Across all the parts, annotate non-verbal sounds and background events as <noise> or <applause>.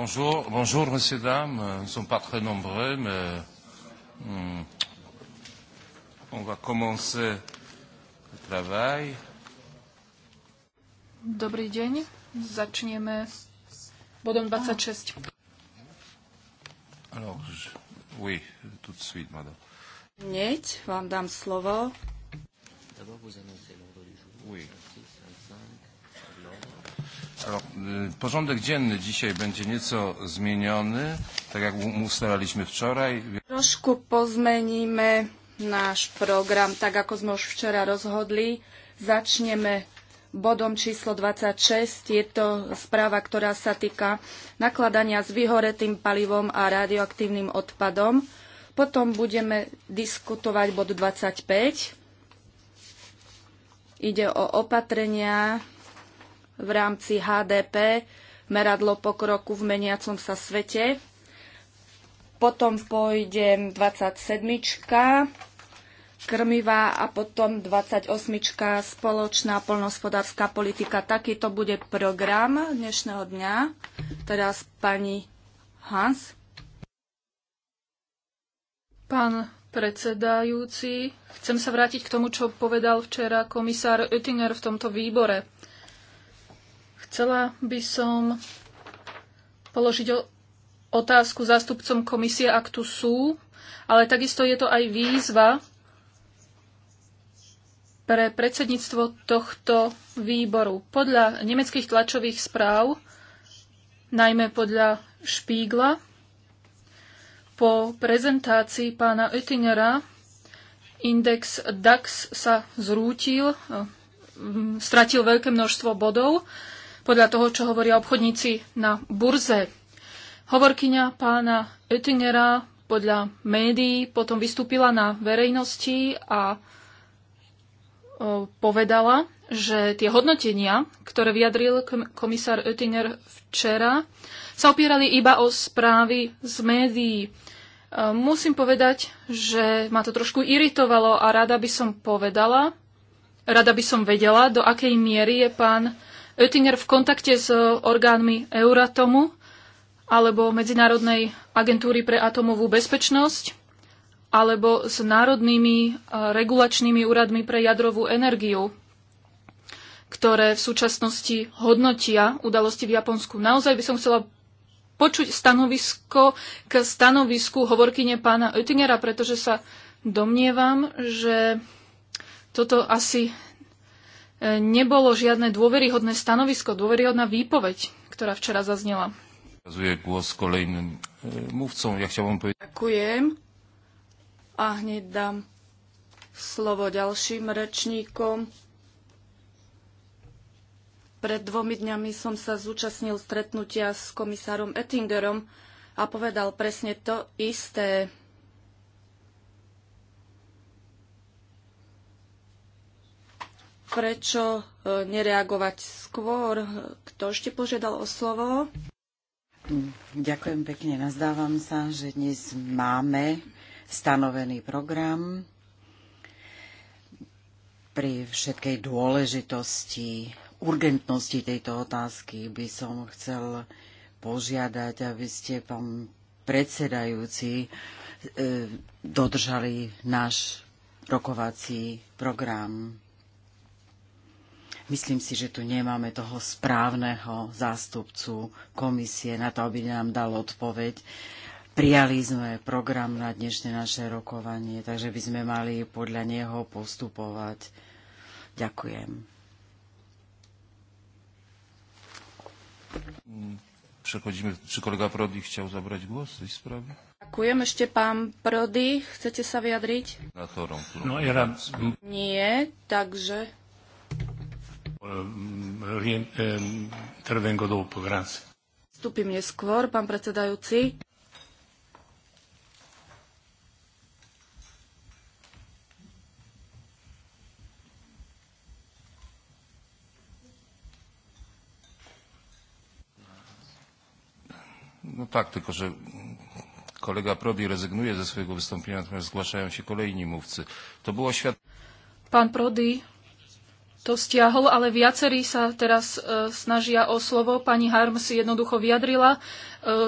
Bonjour, bonjour, messieurs, dames. Nous ne sommes pas très nombreux, mais hmm, on va commencer le travail. Dobrý deň. Začneme bodom 26. Ah. Alors, je... oui, tout de suite, madame. Hneď vám dám slovo. D'abord, vous annoncez l'ordre du jour. Oui. 26. E, porządek dzienny dzisiaj będzie nieco zmieniony, tak jak ustalaliśmy wczoraj. Trošku pozmeníme náš program, tak ako sme už včera rozhodli. Začneme bodom číslo 26. Je to správa, ktorá sa týka nakladania s vyhoretým palivom a radioaktívnym odpadom. Potom budeme diskutovať bod 25. Ide o opatrenia v rámci HDP, meradlo pokroku v meniacom sa svete. Potom pôjde 27. krmivá a potom 28. spoločná polnospodárska politika. Takýto bude program dnešného dňa. Teraz pani Hans. Pán predsedajúci, chcem sa vrátiť k tomu, čo povedal včera komisár Oettinger v tomto výbore. Chcela by som položiť otázku zástupcom komisie, ak tu sú, ale takisto je to aj výzva pre predsedníctvo tohto výboru. Podľa nemeckých tlačových správ, najmä podľa Špígla, po prezentácii pána Oettingera index DAX sa zrútil, stratil veľké množstvo bodov podľa toho, čo hovoria obchodníci na burze. Hovorkyňa pána Oettingera podľa médií potom vystúpila na verejnosti a e, povedala, že tie hodnotenia, ktoré vyjadril komisár Oettinger včera, sa opierali iba o správy z médií. E, musím povedať, že ma to trošku iritovalo a rada by som povedala, rada by som vedela, do akej miery je pán Oettinger v kontakte s eh, orgánmi Euratomu alebo Medzinárodnej agentúry pre atomovú bezpečnosť alebo s národnými eh, regulačnými úradmi pre jadrovú energiu, ktoré v súčasnosti hodnotia udalosti v Japonsku. Naozaj by som chcela počuť stanovisko k stanovisku hovorkyne pána Oettingera, pretože sa domnievam, že toto asi nebolo žiadne dôveryhodné stanovisko, dôveryhodná výpoveď, ktorá včera zaznela. E, Ďakujem. A hneď dám slovo ďalším rečníkom. Pred dvomi dňami som sa zúčastnil stretnutia s komisárom Ettingerom a povedal presne to isté. prečo e, nereagovať skôr? Kto ešte požiadal o slovo? Ďakujem pekne. Nazdávam sa, že dnes máme stanovený program pri všetkej dôležitosti, urgentnosti tejto otázky by som chcel požiadať, aby ste, pán predsedajúci, e, dodržali náš rokovací program. Myslím si, že tu nemáme toho správneho zástupcu komisie na to, aby nám dal odpoveď. Prijali sme program na dnešné naše rokovanie, takže by sme mali podľa neho postupovať. Ďakujem. Prechodíme, či kolega Prody chcel zabrať głos v sprave? Ďakujem. Ešte pán Prody, chcete sa vyjadriť? No, ja... Nie, takže Intervengo eh, eh, dopo, grazie. Vstúpim neskôr, pán predsedajúci. No tak, tylko że kolega Prodi rezygnuje ze swojego wystąpienia, natomiast zgłaszają się kolejni mówcy. To było świat... Pan Prodi to stiahol, ale viacerí sa teraz e, snažia o slovo. Pani Harms jednoducho vyjadrila e,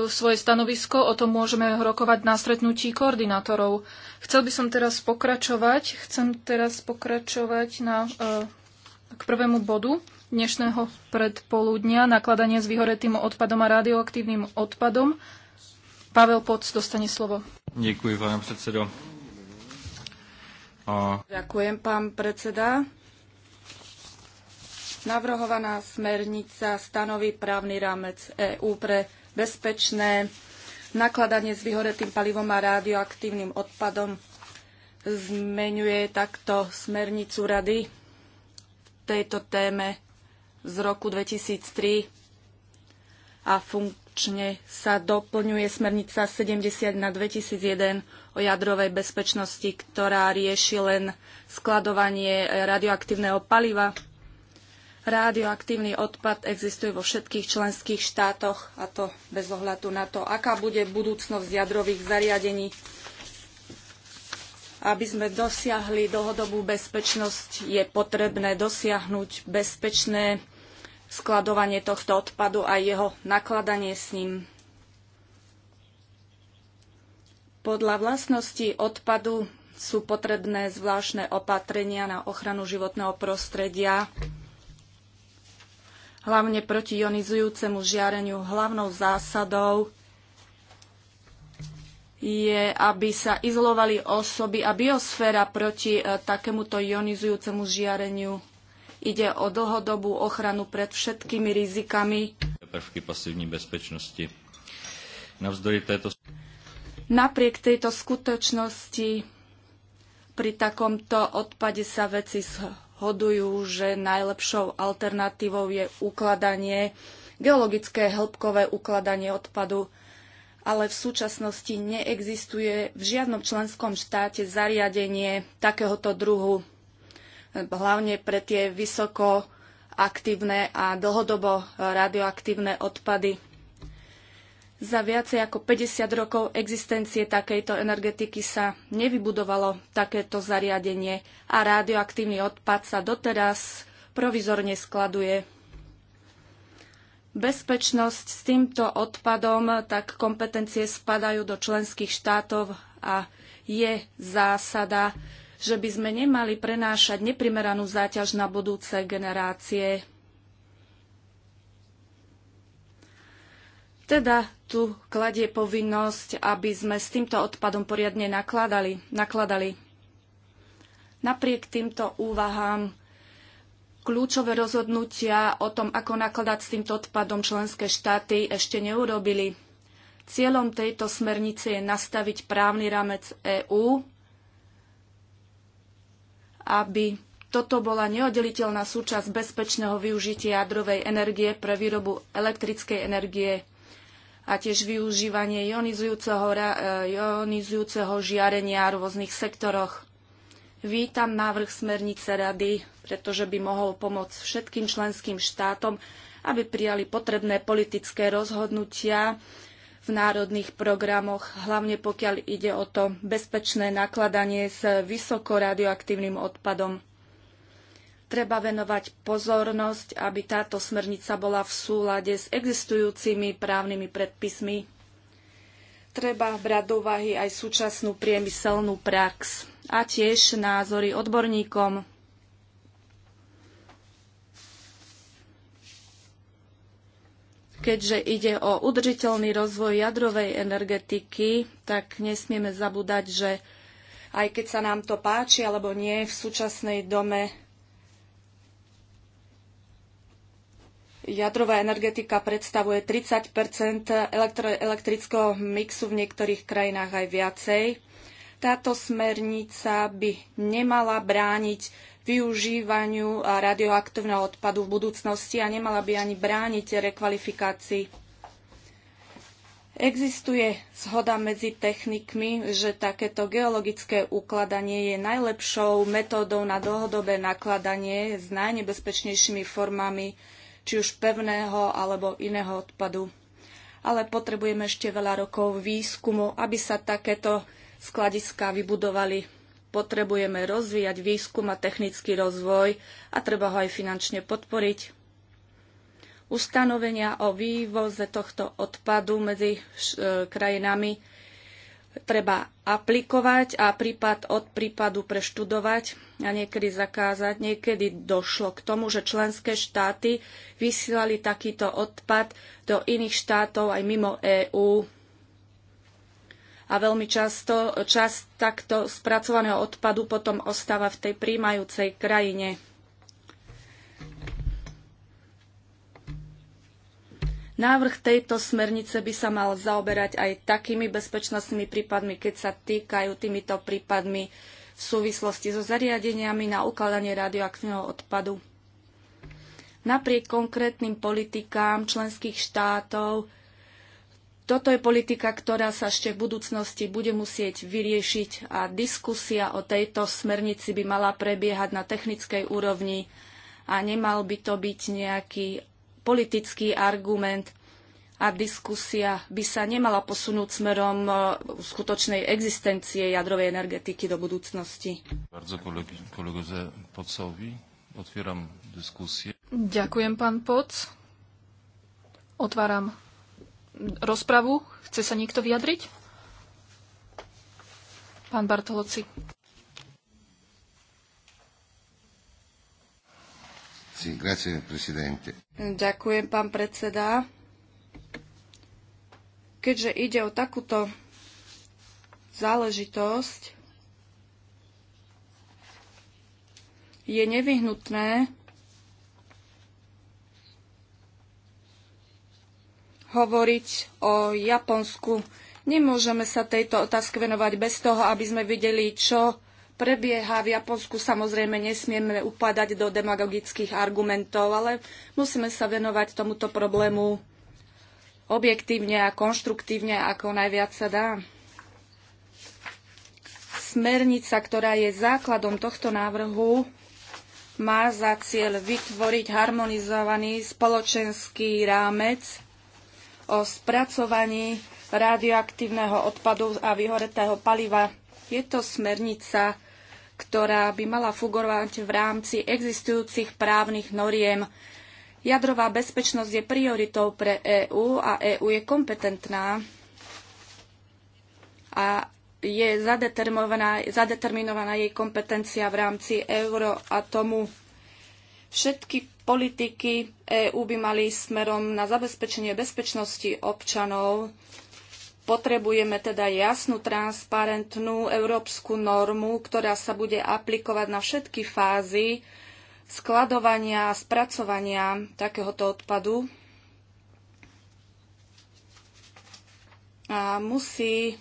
svoje stanovisko, o tom môžeme rokovať na stretnutí koordinátorov. Chcel by som teraz pokračovať, chcem teraz pokračovať na, e, k prvému bodu dnešného predpoludnia, nakladanie s vyhoretým odpadom a radioaktívnym odpadom. Pavel Poc dostane slovo. Ďakujem, pán predseda. A... Ďakujem, pán predseda. Navrhovaná smernica stanoví právny rámec EÚ pre bezpečné nakladanie s vyhoretým palivom a radioaktívnym odpadom. Zmenuje takto smernicu rady v tejto téme z roku 2003 a funkčne sa doplňuje smernica 70 na 2001 o jadrovej bezpečnosti, ktorá rieši len skladovanie radioaktívneho paliva Radioaktívny odpad existuje vo všetkých členských štátoch a to bez ohľadu na to, aká bude budúcnosť jadrových zariadení. Aby sme dosiahli dlhodobú bezpečnosť, je potrebné dosiahnuť bezpečné skladovanie tohto odpadu a jeho nakladanie s ním. Podľa vlastností odpadu sú potrebné zvláštne opatrenia na ochranu životného prostredia hlavne proti ionizujúcemu žiareniu. Hlavnou zásadou je, aby sa izolovali osoby a biosféra proti e, takémuto ionizujúcemu žiareniu. Ide o dlhodobú ochranu pred všetkými rizikami. Prvky pasívnej bezpečnosti. Navzdory Napriek tejto skutočnosti pri takomto odpade sa veci hodujú, že najlepšou alternatívou je ukladanie, geologické hĺbkové ukladanie odpadu, ale v súčasnosti neexistuje v žiadnom členskom štáte zariadenie takéhoto druhu, hlavne pre tie vysoko aktívne a dlhodobo radioaktívne odpady. Za viacej ako 50 rokov existencie takejto energetiky sa nevybudovalo takéto zariadenie a radioaktívny odpad sa doteraz provizorne skladuje. Bezpečnosť s týmto odpadom, tak kompetencie spadajú do členských štátov a je zásada, že by sme nemali prenášať neprimeranú záťaž na budúce generácie. Teda tu kladie povinnosť, aby sme s týmto odpadom poriadne nakladali. nakladali. Napriek týmto úvahám kľúčové rozhodnutia o tom, ako nakladať s týmto odpadom členské štáty ešte neurobili. Cieľom tejto smernice je nastaviť právny rámec EÚ, aby toto bola neoddeliteľná súčasť bezpečného využitia jadrovej energie pre výrobu elektrickej energie a tiež využívanie ionizujúceho, e, ionizujúceho žiarenia v rôznych sektoroch. Vítam návrh smernice rady, pretože by mohol pomôcť všetkým členským štátom, aby prijali potrebné politické rozhodnutia v národných programoch, hlavne pokiaľ ide o to bezpečné nakladanie s vysokoradioaktívnym odpadom treba venovať pozornosť, aby táto smernica bola v súlade s existujúcimi právnymi predpismi. Treba brať do úvahy aj súčasnú priemyselnú prax a tiež názory odborníkom. Keďže ide o udržiteľný rozvoj jadrovej energetiky, tak nesmieme zabúdať, že aj keď sa nám to páči alebo nie, v súčasnej dome jadrová energetika predstavuje 30 elektrického mixu v niektorých krajinách aj viacej. Táto smernica by nemala brániť využívaniu radioaktívneho odpadu v budúcnosti a nemala by ani brániť rekvalifikácii. Existuje zhoda medzi technikmi, že takéto geologické ukladanie je najlepšou metódou na dlhodobé nakladanie s najnebezpečnejšími formami či už pevného alebo iného odpadu. Ale potrebujeme ešte veľa rokov výskumu, aby sa takéto skladiska vybudovali. Potrebujeme rozvíjať výskum a technický rozvoj a treba ho aj finančne podporiť. Ustanovenia o vývoze tohto odpadu medzi e, krajinami treba aplikovať a prípad od prípadu preštudovať a niekedy zakázať. Niekedy došlo k tomu, že členské štáty vysielali takýto odpad do iných štátov aj mimo EÚ. A veľmi často čas takto spracovaného odpadu potom ostáva v tej príjmajúcej krajine. Návrh tejto smernice by sa mal zaoberať aj takými bezpečnostnými prípadmi, keď sa týkajú týmito prípadmi v súvislosti so zariadeniami na ukladanie radioaktívneho odpadu. Napriek konkrétnym politikám členských štátov, toto je politika, ktorá sa ešte v budúcnosti bude musieť vyriešiť a diskusia o tejto smernici by mala prebiehať na technickej úrovni a nemal by to byť nejaký politický argument a diskusia by sa nemala posunúť smerom e, skutočnej existencie jadrovej energetiky do budúcnosti. Bardzo kolegoze Pocovi. Otvieram diskusie. Ďakujem, pán Poc. Otváram rozpravu. Chce sa niekto vyjadriť? Pán Bartoloci. Sì, grazie, Ďakujem, pán predseda. Keďže ide o takúto záležitosť, je nevyhnutné hovoriť o Japonsku. Nemôžeme sa tejto otázke venovať bez toho, aby sme videli, čo prebieha v Japonsku. Samozrejme, nesmieme upadať do demagogických argumentov, ale musíme sa venovať tomuto problému objektívne a konštruktívne, ako najviac sa dá. Smernica, ktorá je základom tohto návrhu, má za cieľ vytvoriť harmonizovaný spoločenský rámec o spracovaní radioaktívneho odpadu a vyhoretého paliva. Je to smernica, ktorá by mala fungovať v rámci existujúcich právnych noriem. Jadrová bezpečnosť je prioritou pre EÚ a EÚ je kompetentná a je zadeterminovaná, zadeterminovaná jej kompetencia v rámci Euroatomu. Všetky politiky EÚ by mali smerom na zabezpečenie bezpečnosti občanov Potrebujeme teda jasnú, transparentnú európsku normu, ktorá sa bude aplikovať na všetky fázy skladovania a spracovania takéhoto odpadu. A musí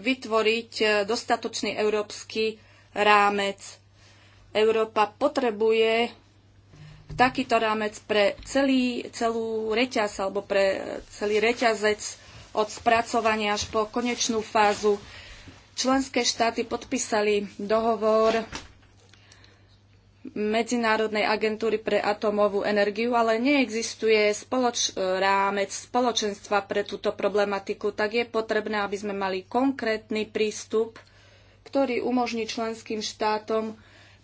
vytvoriť e, dostatočný európsky rámec. Európa potrebuje takýto rámec pre celý, celú reťaz alebo pre e, celý reťazec od spracovania až po konečnú fázu. Členské štáty podpísali dohovor Medzinárodnej agentúry pre atómovú energiu, ale neexistuje spoloč- rámec spoločenstva pre túto problematiku, tak je potrebné, aby sme mali konkrétny prístup, ktorý umožní členským štátom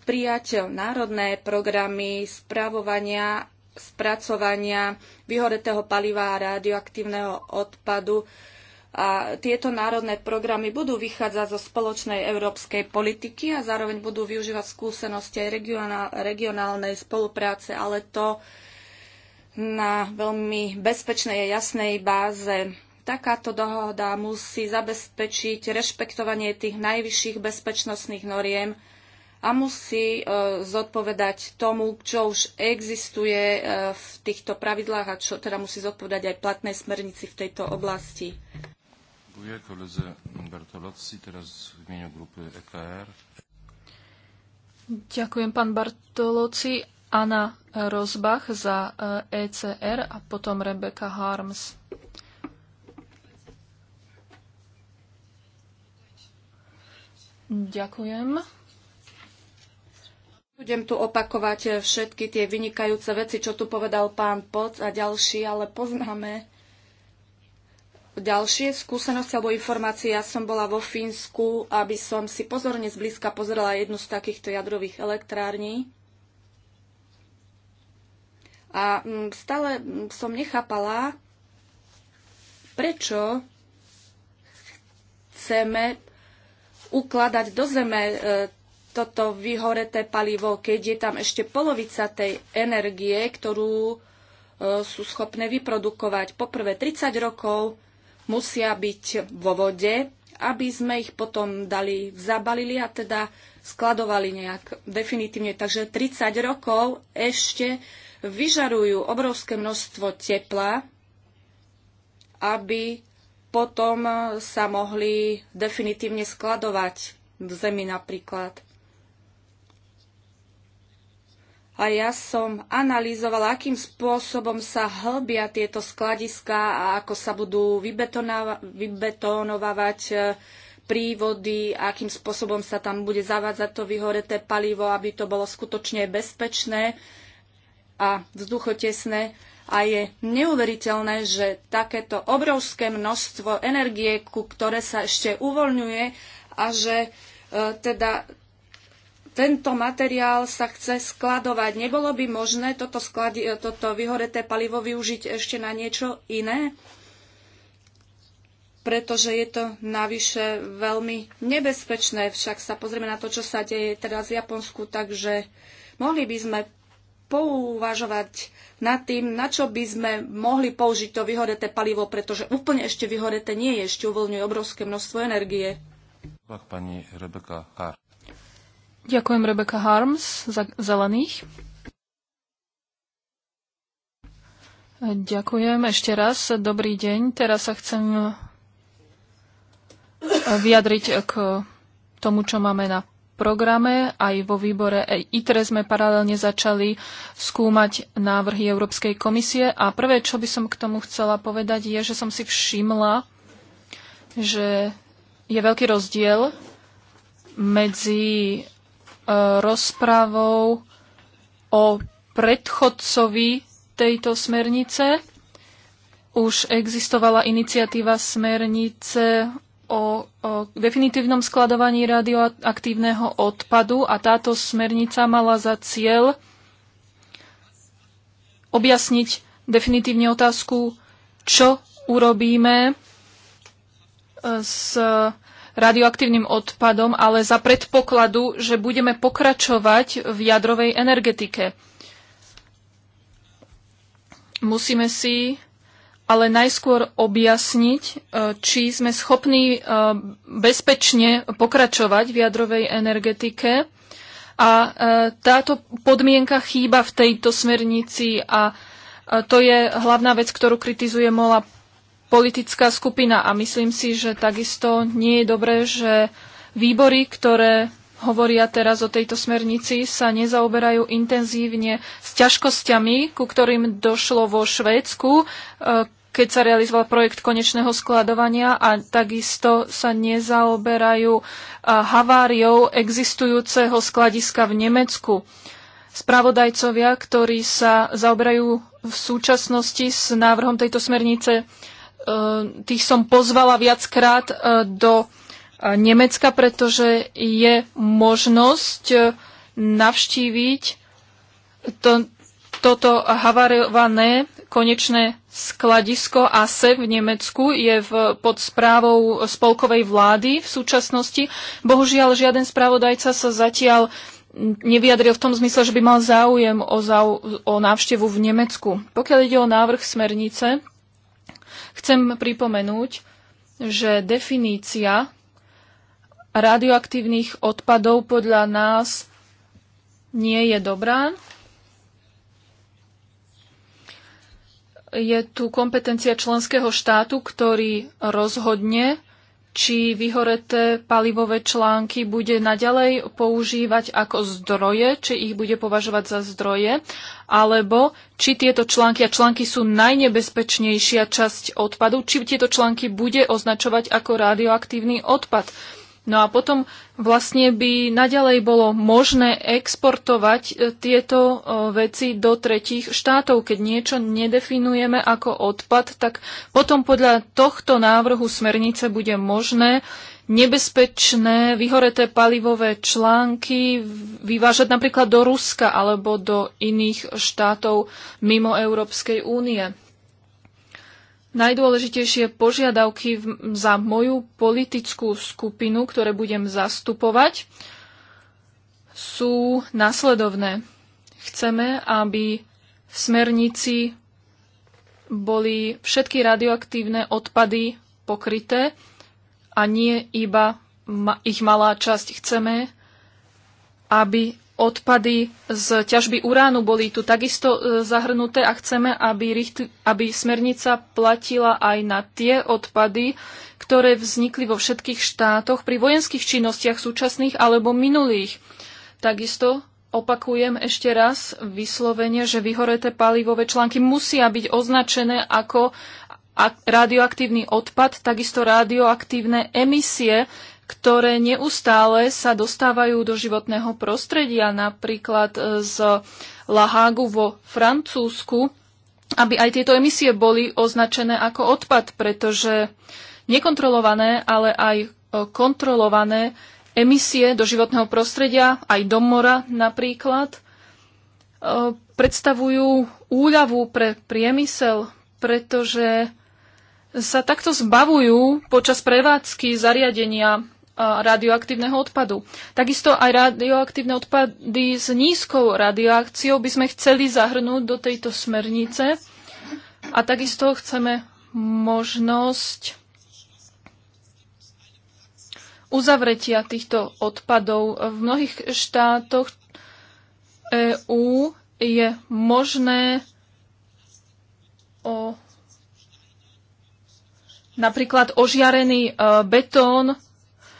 prijať národné programy spravovania spracovania vyhoretého paliva a radioaktívneho odpadu. A tieto národné programy budú vychádzať zo spoločnej európskej politiky a zároveň budú využívať skúsenosti aj regionálnej spolupráce, ale to na veľmi bezpečnej a jasnej báze. Takáto dohoda musí zabezpečiť rešpektovanie tých najvyšších bezpečnostných noriem, a musí e, zodpovedať tomu, čo už existuje e, v týchto pravidlách a čo teda musí zodpovedať aj platnej smernici v tejto oblasti. Teraz grupy EKR. Ďakujem pán Bartolozzi. Anna Rozbach za ECR e a potom Rebecca Harms. Ďakujem. Budem tu opakovať eh, všetky tie vynikajúce veci, čo tu povedal pán Poc a ďalší, ale poznáme ďalšie skúsenosti alebo informácie. Ja som bola vo Fínsku, aby som si pozorne zblízka pozrela jednu z takýchto jadrových elektrární. A mm, stále mm, som nechápala, prečo chceme ukladať do zeme eh, toto vyhoreté palivo, keď je tam ešte polovica tej energie, ktorú e, sú schopné vyprodukovať. Poprvé 30 rokov musia byť vo vode, aby sme ich potom dali, zabalili a teda skladovali nejak definitívne. Takže 30 rokov ešte vyžarujú obrovské množstvo tepla, aby potom sa mohli definitívne skladovať v zemi napríklad. a ja som analyzovala, akým spôsobom sa hlbia tieto skladiska a ako sa budú vybetónovať e, prívody, akým spôsobom sa tam bude zavádzať to vyhoreté palivo, aby to bolo skutočne bezpečné a vzduchotesné. A je neuveriteľné, že takéto obrovské množstvo energie, ku ktoré sa ešte uvoľňuje a že e, teda tento materiál sa chce skladovať. Nebolo by možné toto, skladi- toto vyhoreté palivo využiť ešte na niečo iné? pretože je to navyše veľmi nebezpečné. Však sa pozrieme na to, čo sa deje teraz v Japonsku, takže mohli by sme pouvažovať nad tým, na čo by sme mohli použiť to vyhoreté palivo, pretože úplne ešte vyhoreté nie je, ešte uvoľňuje obrovské množstvo energie. Pani Rebeka Hart. Ďakujem Rebecca Harms za zelených. Ďakujem ešte raz. Dobrý deň. Teraz sa chcem vyjadriť k tomu, čo máme na programe. Aj vo výbore ITRE sme paralelne začali skúmať návrhy Európskej komisie. A prvé, čo by som k tomu chcela povedať, je, že som si všimla, že je veľký rozdiel medzi rozprávou o predchodcovi tejto smernice. Už existovala iniciatíva smernice o, o definitívnom skladovaní radioaktívneho odpadu a táto smernica mala za cieľ objasniť definitívne otázku, čo urobíme s radioaktívnym odpadom, ale za predpokladu, že budeme pokračovať v jadrovej energetike. Musíme si ale najskôr objasniť, e, či sme schopní e, bezpečne pokračovať v jadrovej energetike. A e, táto podmienka chýba v tejto smernici a to je hlavná vec, ktorú kritizuje Mola politická skupina a myslím si, že takisto nie je dobré, že výbory, ktoré hovoria teraz o tejto smernici, sa nezaoberajú intenzívne s ťažkosťami, ku ktorým došlo vo Švédsku, e, keď sa realizoval projekt konečného skladovania a takisto sa nezaoberajú e, haváriou existujúceho skladiska v Nemecku. Spravodajcovia, ktorí sa zaoberajú v súčasnosti s návrhom tejto smernice, Eh, tých som pozvala viackrát eh, do eh, Nemecka, pretože je možnosť navštíviť to, toto havarované konečné skladisko ASE v Nemecku je v, pod správou spolkovej vlády v súčasnosti. Bohužiaľ, žiaden spravodajca sa zatiaľ nevyjadril v tom zmysle, že by mal záujem o, zau, o návštevu v Nemecku. Pokiaľ ide o návrh smernice, Chcem pripomenúť, že definícia radioaktívnych odpadov podľa nás nie je dobrá. Je tu kompetencia členského štátu, ktorý rozhodne či vyhoreté palivové články bude naďalej používať ako zdroje, či ich bude považovať za zdroje, alebo či tieto články, a články sú najnebezpečnejšia časť odpadu, či tieto články bude označovať ako radioaktívny odpad. No a potom vlastne by naďalej bolo možné exportovať e, tieto e, veci do tretích štátov. Keď niečo nedefinujeme ako odpad, tak potom podľa tohto návrhu smernice bude možné nebezpečné vyhoreté palivové články vyvážať napríklad do Ruska alebo do iných štátov mimo Európskej únie najdôležitejšie požiadavky za moju politickú skupinu, ktoré budem zastupovať, sú nasledovné. Chceme, aby v smernici boli všetky radioaktívne odpady pokryté a nie iba ich malá časť. Chceme, aby odpady z ťažby uránu boli tu takisto e, zahrnuté a chceme, aby, aby smernica platila aj na tie odpady, ktoré vznikli vo všetkých štátoch pri vojenských činnostiach súčasných alebo minulých. Takisto opakujem ešte raz vyslovene, že vyhoreté palivové články musia byť označené ako radioaktívny odpad, takisto radioaktívne emisie, ktoré neustále sa dostávajú do životného prostredia, napríklad e, z Lahágu vo Francúzsku, aby aj tieto emisie boli označené ako odpad, pretože nekontrolované, ale aj e, kontrolované emisie do životného prostredia, aj do mora napríklad, e, predstavujú úľavu pre priemysel, pretože sa takto zbavujú počas prevádzky zariadenia radioaktívneho odpadu. Takisto aj radioaktívne odpady s nízkou radioakciou by sme chceli zahrnúť do tejto smernice a takisto chceme možnosť uzavretia týchto odpadov. V mnohých štátoch EÚ je možné o napríklad ožiarený e, betón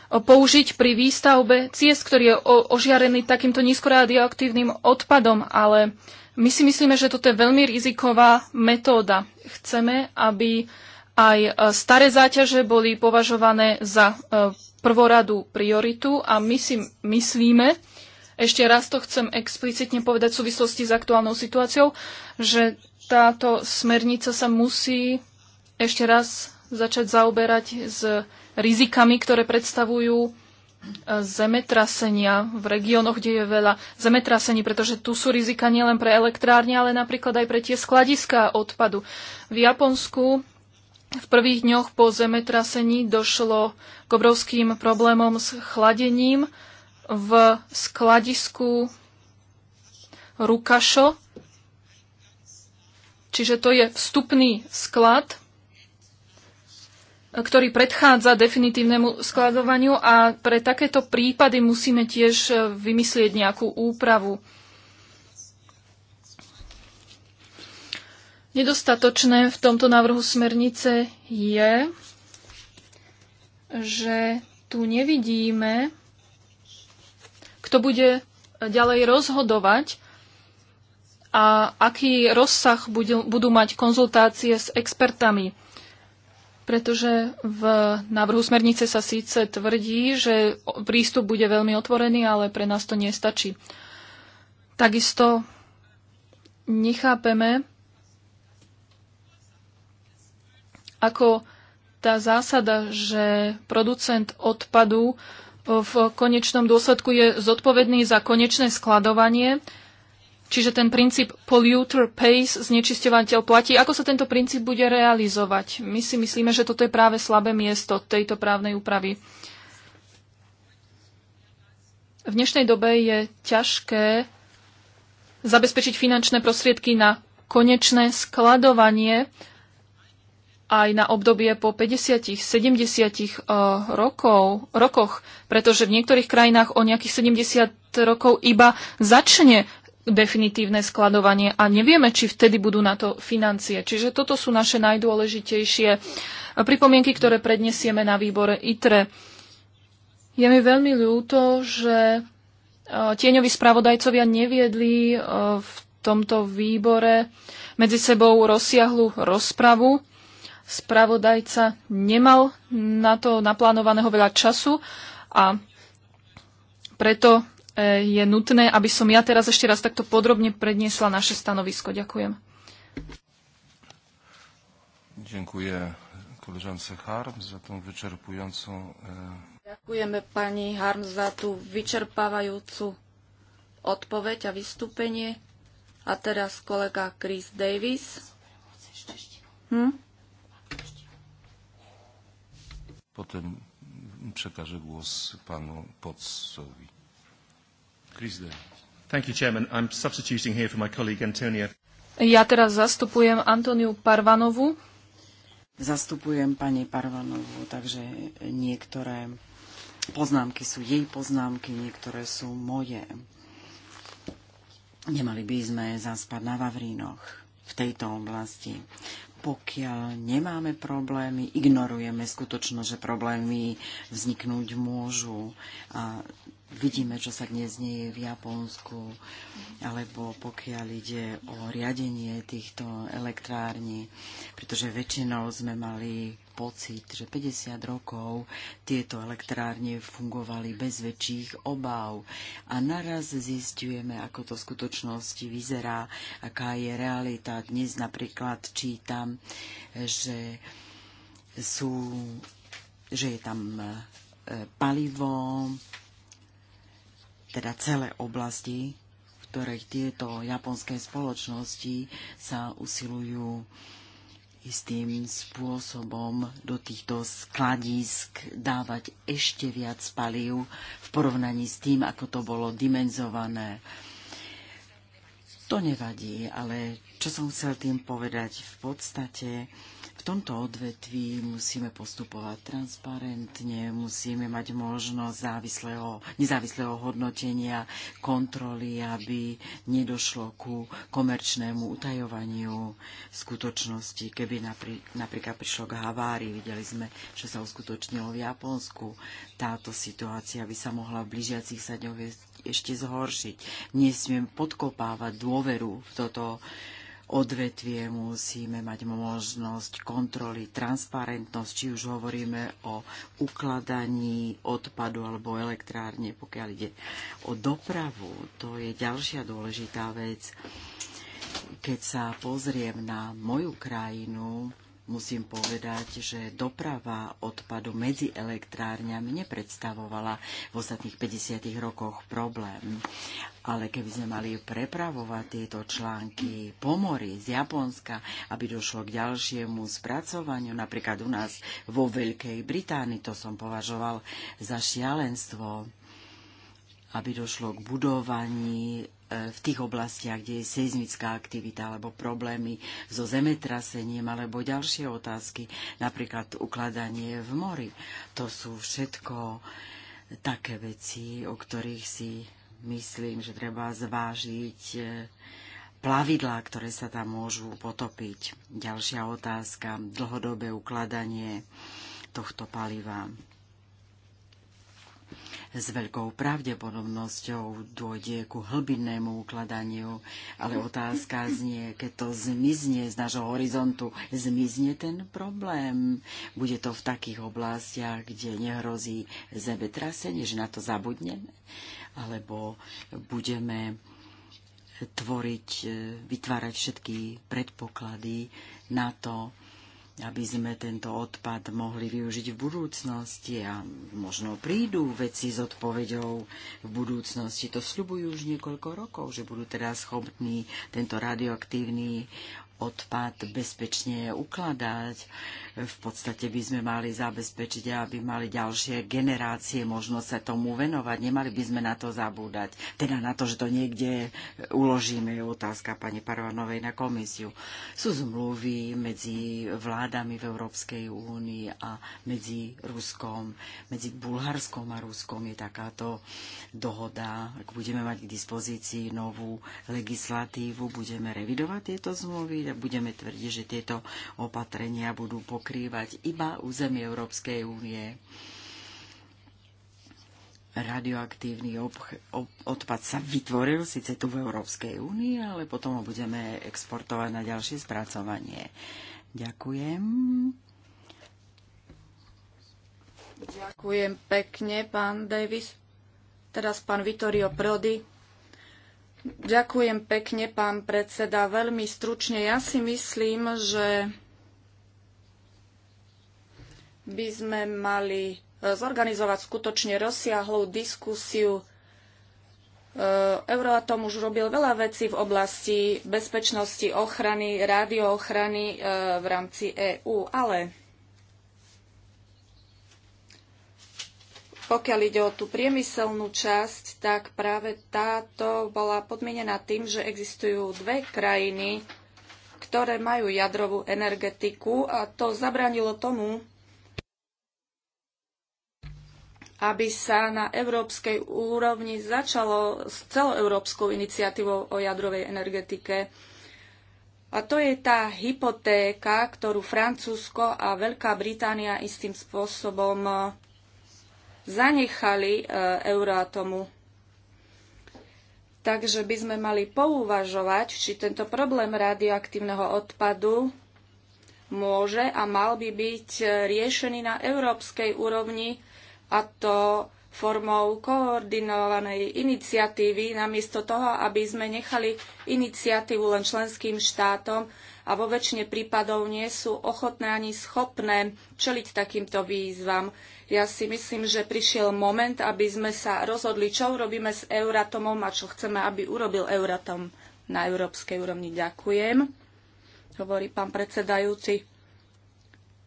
použiť pri výstavbe ciest, ktorý je ožiarený takýmto nízkoradioaktívnym odpadom, ale my si myslíme, že toto je veľmi riziková metóda. Chceme, aby aj e, staré záťaže boli považované za e, prvoradú prioritu a my si myslíme, ešte raz to chcem explicitne povedať v súvislosti s aktuálnou situáciou, že táto smernica sa musí ešte raz začať zaoberať s rizikami, ktoré predstavujú e, zemetrasenia v regiónoch, kde je veľa zemetrasení, pretože tu sú rizika nielen pre elektrárne, ale napríklad aj pre tie skladiská odpadu. V Japonsku v prvých dňoch po zemetrasení došlo k obrovským problémom s chladením v skladisku Rukašo, čiže to je vstupný sklad ktorý predchádza definitívnemu skladovaniu a pre takéto prípady musíme tiež e, vymyslieť nejakú úpravu. Nedostatočné v tomto návrhu smernice je, že tu nevidíme, kto bude ďalej rozhodovať a aký rozsah budú mať konzultácie s expertami pretože v návrhu smernice sa síce tvrdí, že prístup bude veľmi otvorený, ale pre nás to nestačí. Takisto nechápeme, ako tá zásada, že producent odpadu v konečnom dôsledku je zodpovedný za konečné skladovanie, Čiže ten princíp polluter pays, znečisťovateľ platí. Ako sa tento princíp bude realizovať? My si myslíme, že toto je práve slabé miesto tejto právnej úpravy. V dnešnej dobe je ťažké zabezpečiť finančné prostriedky na konečné skladovanie aj na obdobie po 50, 70 uh, rokov, rokoch, pretože v niektorých krajinách o nejakých 70 rokov iba začne definitívne skladovanie a nevieme, či vtedy budú na to financie. Čiže toto sú naše najdôležitejšie pripomienky, ktoré prednesieme na výbore ITRE. Je mi veľmi ľúto, že e, tieňoví spravodajcovia neviedli e, v tomto výbore medzi sebou rozsiahlu rozpravu. Spravodajca nemal na to naplánovaného veľa času a preto je nutné, aby som ja teraz ešte raz takto podrobne predniesla naše stanovisko. Ďakujem. Dziękuję koleżance Harm za tą wyczerpującą. E, Ďakujeme pani Harm za tú vyčerpávajúcu odpoveď a vystúpenie. A teraz kolega Chris Davis. Hm? Potem przekażę głos panu Podsowi. Ja teraz zastupujem Antoniu Parvanovu. Zastupujem pani Parvanovu, takže niektoré poznámky sú jej poznámky, niektoré sú moje. Nemali by sme zaspať na Vavrínoch v tejto oblasti. Pokiaľ nemáme problémy, ignorujeme skutočnosť, že problémy vzniknúť môžu. A Vidíme, čo sa dnes deje v Japonsku, alebo pokiaľ ide o riadenie týchto elektrární, pretože väčšinou sme mali pocit, že 50 rokov tieto elektrárne fungovali bez väčších obáv. A naraz zistujeme, ako to v skutočnosti vyzerá, aká je realita. Dnes napríklad čítam, že sú že je tam e, palivo, teda celé oblasti, v ktorých tieto japonské spoločnosti sa usilujú istým spôsobom do týchto skladísk dávať ešte viac palív v porovnaní s tým, ako to bolo dimenzované. To nevadí, ale čo som chcel tým povedať, v podstate tomto odvetví musíme postupovať transparentne, musíme mať možnosť závislého, nezávislého hodnotenia, kontroly, aby nedošlo ku komerčnému utajovaniu skutočnosti. Keby napri, napríklad prišlo k havárii, videli sme, čo sa uskutočnilo v Japonsku, táto situácia by sa mohla v blížiacich sa dňoch ešte zhoršiť. Nesmiem podkopávať dôveru v toto odvetvie musíme mať možnosť kontroly, transparentnosť, či už hovoríme o ukladaní odpadu alebo elektrárne, pokiaľ ide o dopravu. To je ďalšia dôležitá vec. Keď sa pozriem na moju krajinu, musím povedať, že doprava odpadu medzi elektrárňami nepredstavovala v ostatných 50 rokoch problém. Ale keby sme mali prepravovať tieto články po mori z Japonska, aby došlo k ďalšiemu spracovaniu, napríklad u nás vo Veľkej Británii, to som považoval za šialenstvo, aby došlo k budovaní Eh, v tých oblastiach, kde je seizmická aktivita alebo problémy so zemetrasením alebo ďalšie otázky, napríklad ukladanie v mori. To sú všetko také veci, o ktorých si myslím, že treba zvážiť eh, plavidlá, ktoré sa tam môžu potopiť. Ďalšia otázka, dlhodobé ukladanie tohto paliva s veľkou pravdepodobnosťou dôjde ku hlbinnému ukladaniu, ale otázka znie, keď to zmizne z nášho horizontu, zmizne ten problém. Bude to v takých oblastiach, kde nehrozí zemetrasenie, že na to zabudneme, alebo budeme tvoriť, e, vytvárať všetky predpoklady na to, aby sme tento odpad mohli využiť v budúcnosti a možno prídu veci s odpoveďou v budúcnosti. To sľubujú už niekoľko rokov, že budú teda schopní tento radioaktívny odpad bezpečne ukladať. V podstate by sme mali zabezpečiť, aby mali ďalšie generácie možnosť sa tomu venovať. Nemali by sme na to zabúdať. Teda na to, že to niekde uložíme, je otázka pani Parvanovej na komisiu. Sú zmluvy medzi vládami v Európskej únii a medzi Ruskom, medzi Bulharskom a Ruskom je takáto dohoda. Ak budeme mať k dispozícii novú legislatívu, budeme revidovať tieto zmluvy, budeme tvrdiť, že tieto opatrenia budú pokrývať iba územie Európskej únie radioaktívny odpad sa vytvoril síce tu v Európskej únii, ale potom ho budeme exportovať na ďalšie spracovanie. Ďakujem. Ďakujem pekne, pán Davis. Teraz pán Vittorio Prodi. Ďakujem pekne, pán predseda. Veľmi stručne. Ja si myslím, že by sme mali eh, zorganizovať skutočne rozsiahlú diskusiu. Eh, Euroatom už robil veľa vecí v oblasti bezpečnosti, ochrany, rádioochrany eh, v rámci EÚ, ale Pokiaľ ide o tú priemyselnú časť, tak práve táto bola podmienená tým, že existujú dve krajiny, ktoré majú jadrovú energetiku a to zabranilo tomu, aby sa na európskej úrovni začalo s celoeurópskou iniciatívou o jadrovej energetike. A to je tá hypotéka, ktorú Francúzsko a Veľká Británia istým spôsobom zanechali e, Euroatomu. Takže by sme mali pouvažovať, či tento problém radioaktívneho odpadu môže a mal by byť e, riešený na európskej úrovni a to formou koordinovanej iniciatívy, namiesto toho, aby sme nechali iniciatívu len členským štátom a vo väčšine prípadov nie sú ochotné ani schopné čeliť takýmto výzvam. Ja si myslím, že prišiel moment, aby sme sa rozhodli, čo urobíme s Euratomom a čo chceme, aby urobil Euratom na európskej úrovni. Ďakujem, hovorí pán predsedajúci,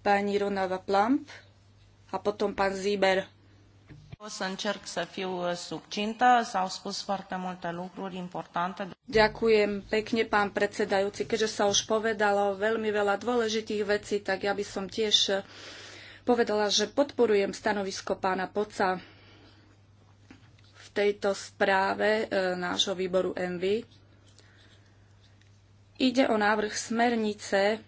pani Ronava Plamp a potom pán Zíber. să încerc să fiu uh, subcintă, s-au spus foarte multe lucruri importante. Ďakujem pekne, pán predsedajúci. Keďže sa už povedalo veľmi veľa dôležitých vecí, tak ja by som tiež povedala, že podporujem stanovisko pána Poca v tejto správe e, nášho výboru MV. Ide o návrh smernice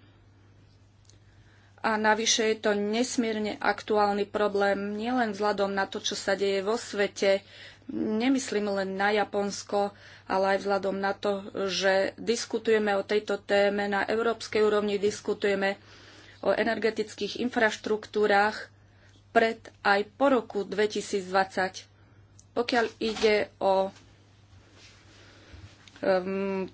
a navyše je to nesmierne aktuálny problém nielen vzhľadom na to, čo sa deje vo svete, nemyslím len na Japonsko, ale aj vzhľadom na to, že diskutujeme o tejto téme, na európskej úrovni diskutujeme o energetických infraštruktúrách pred aj po roku 2020. Pokiaľ ide o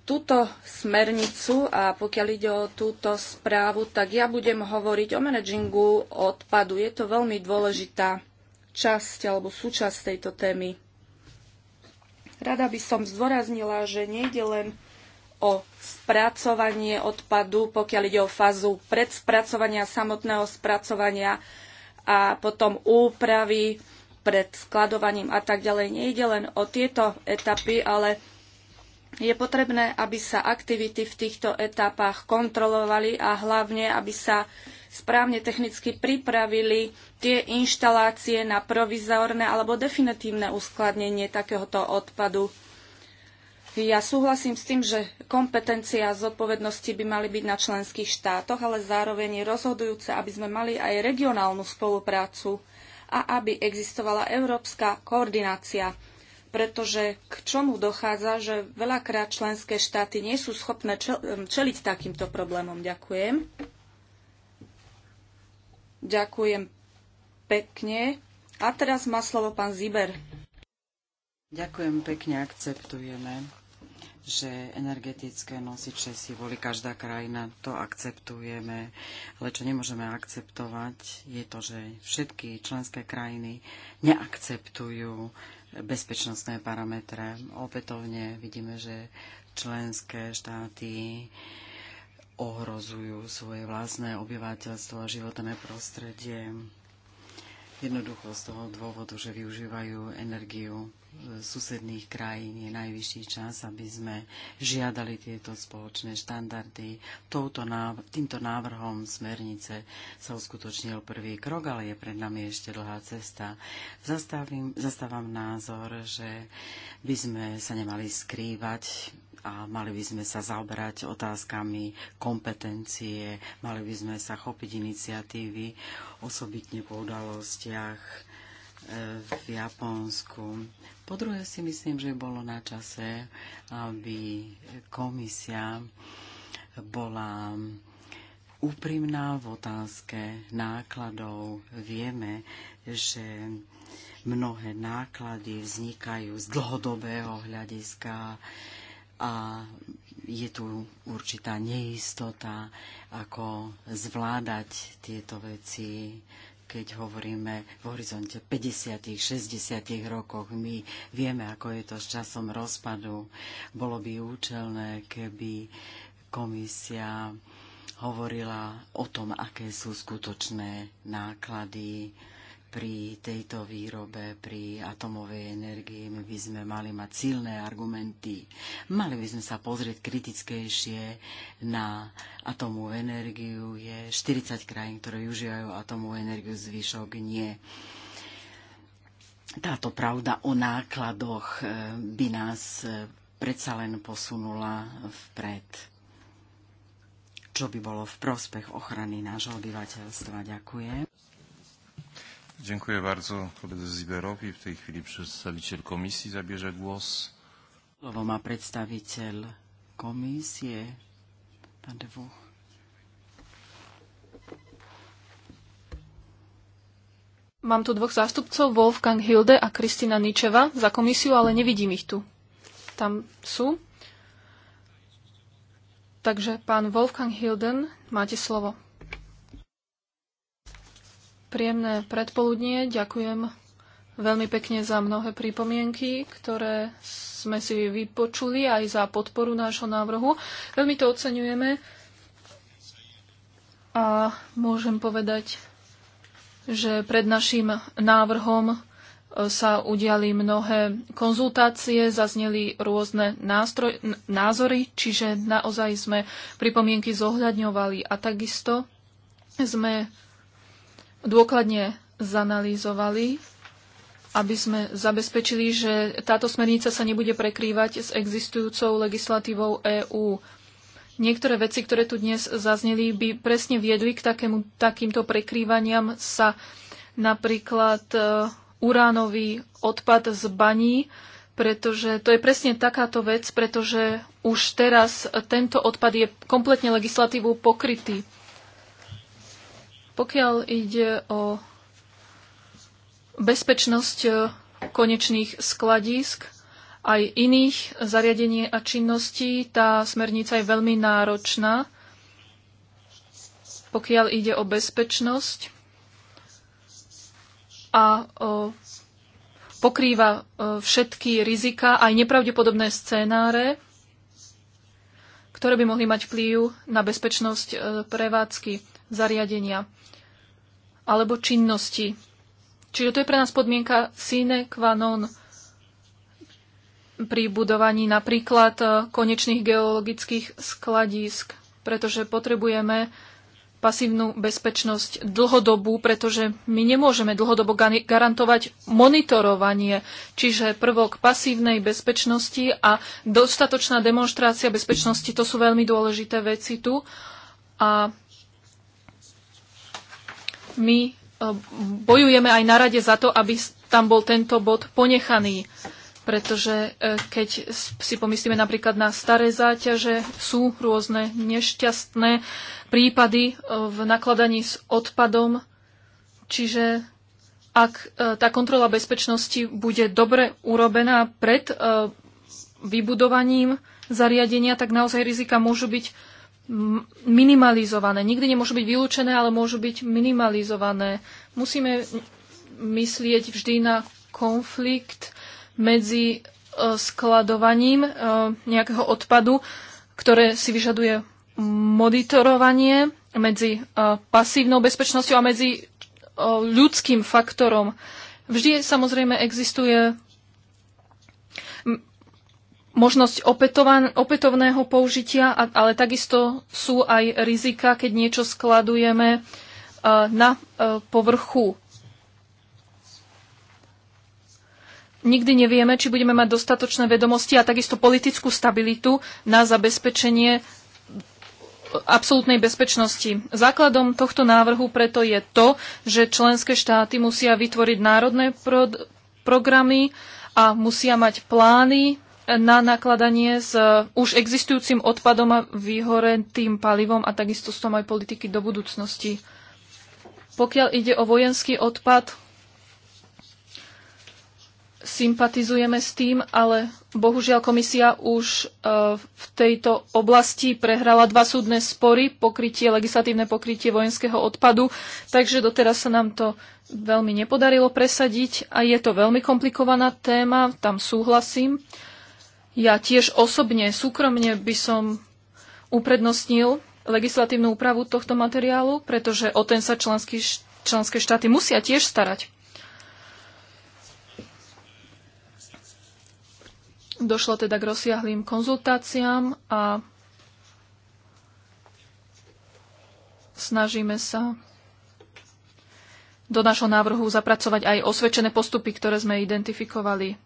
túto smernicu a pokiaľ ide o túto správu, tak ja budem hovoriť o managingu odpadu. Je to veľmi dôležitá časť alebo súčasť tejto témy. Rada by som zdôraznila, že nejde len o spracovanie odpadu, pokiaľ ide o fázu predspracovania, samotného spracovania a potom úpravy pred skladovaním a tak ďalej. Nejde len o tieto etapy, ale je potrebné, aby sa aktivity v týchto etapách kontrolovali a hlavne, aby sa správne technicky pripravili tie inštalácie na provizorné alebo definitívne uskladnenie takéhoto odpadu. Ja súhlasím s tým, že kompetencia a zodpovednosti by mali byť na členských štátoch, ale zároveň je rozhodujúce, aby sme mali aj regionálnu spoluprácu a aby existovala európska koordinácia. Pretože k čomu dochádza, že veľakrát členské štáty nie sú schopné čeliť takýmto problémom. Ďakujem. Ďakujem pekne. A teraz má slovo pán Ziber. Ďakujem pekne, akceptujeme že energetické nosiče si volí každá krajina, to akceptujeme, ale čo nemôžeme akceptovať, je to, že všetky členské krajiny neakceptujú bezpečnostné parametre. Opätovne vidíme, že členské štáty ohrozujú svoje vlastné obyvateľstvo a životné prostredie. Jednoducho z toho dôvodu, že využívajú energiu susedných krajín. Je najvyšší čas, aby sme žiadali tieto spoločné štandardy. Touto náv- týmto návrhom smernice sa uskutočnil prvý krok, ale je pred nami ešte dlhá cesta. Zastavím, zastávam názor, že by sme sa nemali skrývať a mali by sme sa zaoberať otázkami kompetencie, mali by sme sa chopiť iniciatívy osobitne po udalostiach v Japonsku. Po druhé si myslím, že bolo na čase, aby komisia bola úprimná v otázke nákladov. Vieme, že mnohé náklady vznikajú z dlhodobého hľadiska a je tu určitá neistota, ako zvládať tieto veci keď hovoríme v horizonte 50 60 rokoch. My vieme, ako je to s časom rozpadu. Bolo by účelné, keby komisia hovorila o tom, aké sú skutočné náklady pri tejto výrobe, pri atomovej energii, my by sme mali mať silné argumenty. Mali by sme sa pozrieť kritickejšie na atomovú energiu. Je 40 krajín, ktoré užívajú atomovú energiu, zvyšok nie. Táto pravda o nákladoch eh, by nás eh, predsa len posunula vpred čo by bolo v prospech ochrany nášho obyvateľstva. Ďakujem. Dziękuję bardzo koledze Ziberowi. W tej chwili przedstawiciel komisji zabierze głos. Slovo má predstaviteľ komisie, pán Devuch. Mám tu dvoch zástupcov, Wolfgang Hilde a Kristina Ničeva za komisiu, ale nevidím ich tu. Tam sú. Takže pán Wolfgang Hilden, máte slovo. Príjemné predpoludnie. Ďakujem veľmi pekne za mnohé pripomienky, ktoré sme si vypočuli aj za podporu nášho návrhu. Veľmi to oceňujeme a môžem povedať, že pred našim návrhom e, sa udiali mnohé konzultácie, zazneli rôzne nástroj, názory, čiže naozaj sme pripomienky zohľadňovali a takisto sme dôkladne zanalýzovali, aby sme zabezpečili, že táto smernica sa nebude prekrývať s existujúcou legislatívou EÚ. Niektoré veci, ktoré tu dnes zazneli, by presne viedli k takému, takýmto prekrývaniam sa napríklad e, uránový odpad z baní, pretože to je presne takáto vec, pretože už teraz tento odpad je kompletne legislatívou pokrytý. Pokiaľ ide o bezpečnosť e, konečných skladísk aj iných zariadení a činností, tá smernica je veľmi náročná. Pokiaľ ide o bezpečnosť a o e, pokrýva e, všetky rizika, aj nepravdepodobné scénáre, ktoré by mohli mať vplyv na bezpečnosť prevádzky zariadenia alebo činnosti. Čiže to je pre nás podmienka sine qua non pri budovaní napríklad e, konečných geologických skladísk, pretože potrebujeme pasívnu bezpečnosť dlhodobú, pretože my nemôžeme dlhodobo garantovať monitorovanie, čiže prvok pasívnej bezpečnosti a dostatočná demonstrácia bezpečnosti, to sú veľmi dôležité veci tu. A my e, bojujeme aj na rade za to, aby tam bol tento bod ponechaný. Pretože e, keď si pomyslíme napríklad na staré záťaže, sú rôzne nešťastné prípady e, v nakladaní s odpadom. Čiže ak tá kontrola bezpečnosti bude dobre urobená pred vybudovaním zariadenia, tak naozaj rizika môžu byť minimalizované. Nikdy nemôžu byť vylúčené, ale môžu byť minimalizované. Musíme myslieť vždy na konflikt medzi e, skladovaním e, nejakého odpadu, ktoré si vyžaduje monitorovanie medzi e, pasívnou bezpečnosťou a medzi ľudským faktorom. Vždy samozrejme existuje možnosť opätovného použitia, ale takisto sú aj rizika, keď niečo skladujeme e, na e, povrchu. Nikdy nevieme, či budeme mať dostatočné vedomosti a takisto politickú stabilitu na zabezpečenie absolútnej bezpečnosti. Základom tohto návrhu preto je to, že členské štáty musia vytvoriť národné pro- programy a musia mať plány na nakladanie s e, už existujúcim odpadom a vyhorentým palivom a takisto s tom aj politiky do budúcnosti. Pokiaľ ide o vojenský odpad, sympatizujeme s tým, ale bohužiaľ komisia už e, v tejto oblasti prehrala dva súdne spory, pokrytie, legislatívne pokrytie vojenského odpadu, takže doteraz sa nám to veľmi nepodarilo presadiť a je to veľmi komplikovaná téma, tam súhlasím. Ja tiež osobne, súkromne by som uprednostnil legislatívnu úpravu tohto materiálu, pretože o ten sa členský, členské štáty musia tiež starať. Došlo teda k rozsiahlým konzultáciám a snažíme sa do našho návrhu zapracovať aj osvedčené postupy, ktoré sme identifikovali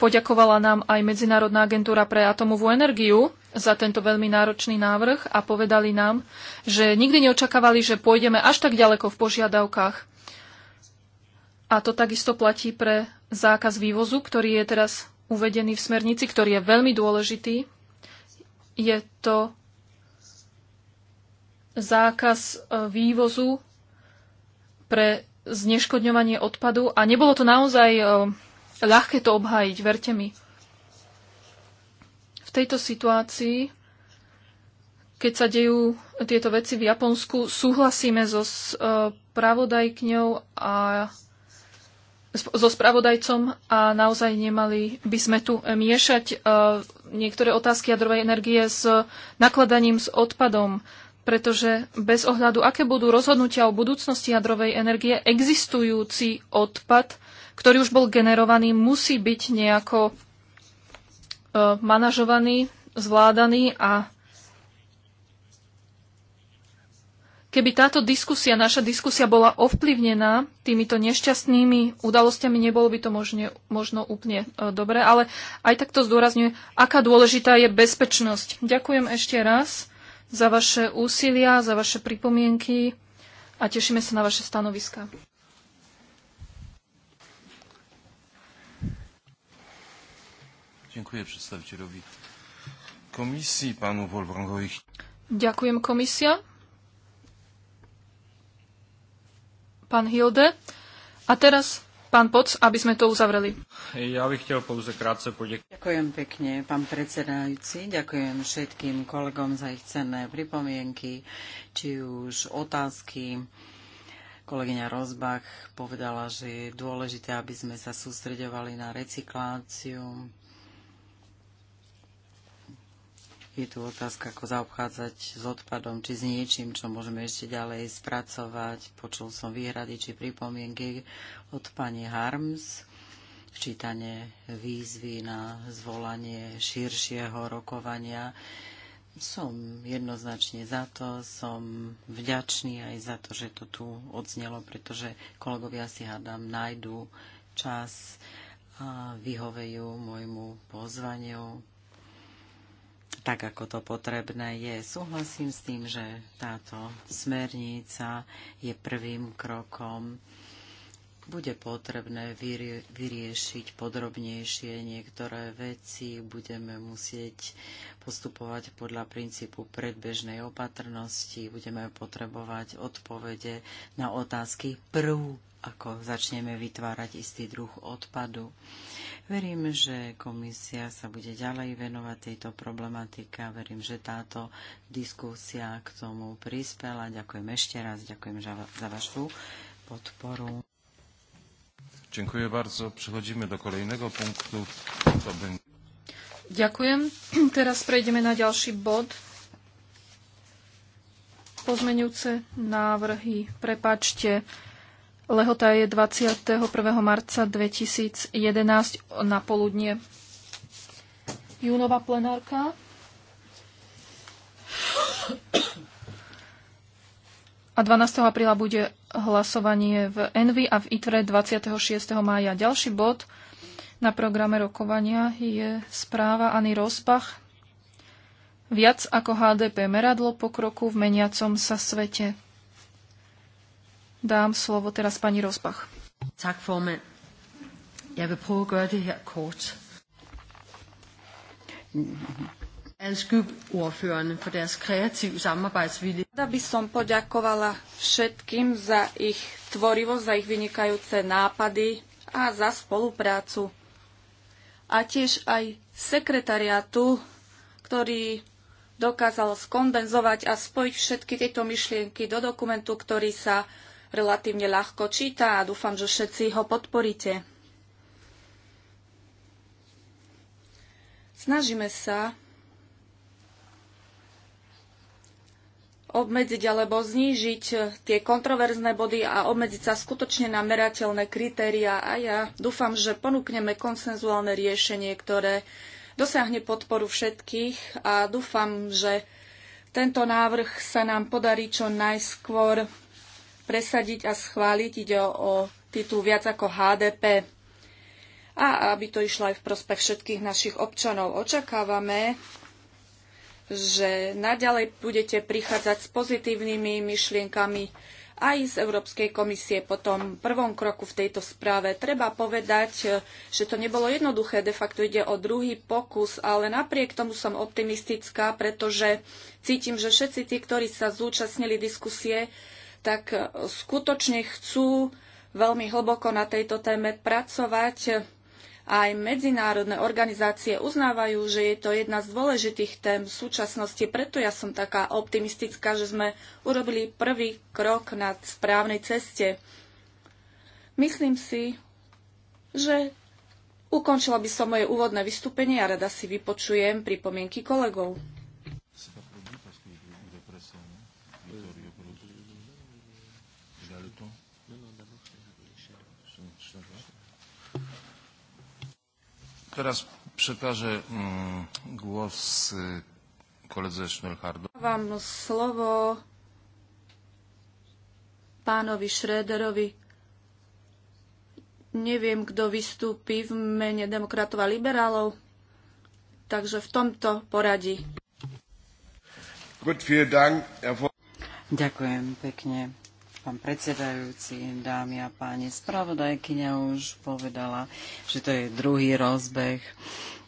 poďakovala nám aj Medzinárodná agentúra pre atomovú energiu za tento veľmi náročný návrh a povedali nám, že nikdy neočakávali, že pôjdeme až tak ďaleko v požiadavkách. A to takisto platí pre zákaz vývozu, ktorý je teraz uvedený v smernici, ktorý je veľmi dôležitý. Je to zákaz e, vývozu pre zneškodňovanie odpadu a nebolo to naozaj e, ľahké to obhájiť, verte mi. V tejto situácii, keď sa dejú tieto veci v Japonsku, súhlasíme so spravodajkňou e, a so spravodajcom a naozaj nemali by sme tu miešať e, niektoré otázky jadrovej energie s nakladaním s odpadom, pretože bez ohľadu, aké budú rozhodnutia o budúcnosti jadrovej energie, existujúci odpad ktorý už bol generovaný, musí byť nejako e, manažovaný, zvládaný a keby táto diskusia, naša diskusia bola ovplyvnená týmito nešťastnými udalostiami, nebolo by to možne, možno úplne e, dobre, ale aj takto zdôrazňuje, aká dôležitá je bezpečnosť. Ďakujem ešte raz za vaše úsilia, za vaše pripomienky a tešíme sa na vaše stanoviska. Dziękuję przedstawicielowi komisji, panu Wolfgangowi. Ďakujem komisia. Pán Hilde. A teraz Pán Poc, aby sme to uzavreli. Ja bych chcel pouze krátce poďakovať. Ďakujem pekne, pán predsedajúci. Ďakujem všetkým kolegom za ich cenné pripomienky, či už otázky. Kolegyňa Rozbach povedala, že je dôležité, aby sme sa sústredovali na recikláciu Je tu otázka, ako zaobchádzať s odpadom, či s niečím, čo môžeme ešte ďalej spracovať. Počul som výhrady či pripomienky od pani Harms, včítanie výzvy na zvolanie širšieho rokovania. Som jednoznačne za to, som vďačný aj za to, že to tu odznelo, pretože kolegovia si hádam nájdu čas a vyhovejú môjmu pozvaniu tak, ako to potrebné je. Súhlasím s tým, že táto smernica je prvým krokom. Bude potrebné vyrie vyriešiť podrobnejšie niektoré veci, budeme musieť postupovať podľa princípu predbežnej opatrnosti, budeme potrebovať odpovede na otázky prvú ako začneme vytvárať istý druh odpadu. Verím, že komisia sa bude ďalej venovať tejto problematike a verím, že táto diskusia k tomu prispela. Ďakujem ešte raz, ďakujem za vašu podporu. Dziękuję bardzo. Przechodzimy do kolejnego punktu. Ďakujem. <clears throat> Teraz prejdeme na ďalší bod. Pozmenujúce návrhy. Prepačte. Lehota je 21. marca 2011 na poludnie. Júnová plenárka. A 12. apríla bude hlasovanie v Envy a v ITRE 26. mája. Ďalší bod na programe rokovania je správa Ani Rozbach. Viac ako HDP meradlo pokroku v meniacom sa svete. Dám slovo teraz pani Rozbach. Tak, vil prøve at gøre det her kort. for deres kreative samarbejdsvilje. Rada by som poďakovala všetkým za ich tvorivosť, za ich vynikajúce nápady a za spoluprácu. A tiež aj sekretariatu, ktorý dokázal skondenzovať a spojiť všetky tieto myšlienky do dokumentu, ktorý sa relatívne ľahko číta a dúfam, že všetci ho podporíte. Snažíme sa obmedziť alebo znížiť tie kontroverzné body a obmedziť sa skutočne na merateľné kritéria. A ja dúfam, že ponúkneme konsenzuálne riešenie, ktoré dosiahne podporu všetkých a dúfam, že tento návrh sa nám podarí čo najskôr presadiť a schváliť. Ide o titul viac ako HDP a aby to išlo aj v prospech všetkých našich občanov. Očakávame, že naďalej budete prichádzať s pozitívnymi myšlienkami aj z Európskej komisie po tom prvom kroku v tejto správe. Treba povedať, že to nebolo jednoduché, de facto ide o druhý pokus, ale napriek tomu som optimistická, pretože cítim, že všetci tí, ktorí sa zúčastnili diskusie, tak e, skutočne chcú veľmi hlboko na tejto téme pracovať. Aj medzinárodné organizácie uznávajú, že je to jedna z dôležitých tém v súčasnosti, preto ja som taká optimistická, že sme urobili prvý krok na správnej ceste. Myslím si, že ukončila by som moje úvodné vystúpenie a rada si vypočujem pripomienky kolegov. Teraz przekażę mm, głos koledze Schnellhardu. Vám slovo pánovi Šrederovi. Neviem, kto vystúpi v mene demokratov a liberálov, takže v tomto poradí. Ďakujem pekne pán predsedajúci, dámy a páni. Spravodajkyňa už povedala, že to je druhý rozbeh.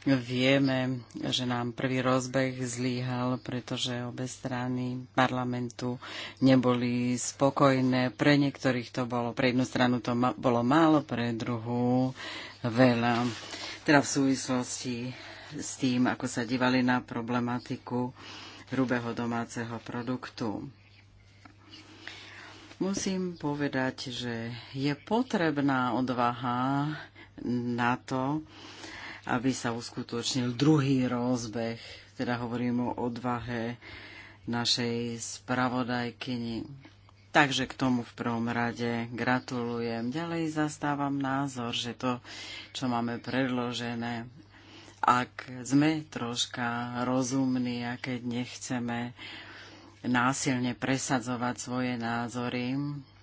Vieme, že nám prvý rozbeh zlíhal, pretože obe strany parlamentu neboli spokojné. Pre niektorých to bolo, pre jednu stranu to ma, bolo málo, pre druhú veľa. Teda v súvislosti s tým, ako sa divali na problematiku hrubého domáceho produktu Musím povedať, že je potrebná odvaha na to, aby sa uskutočnil druhý rozbeh, teda hovorím o odvahe našej spravodajkyni. Takže k tomu v prvom rade gratulujem. Ďalej zastávam názor, že to, čo máme predložené, ak sme troška rozumní a keď nechceme násilne presadzovať svoje názory.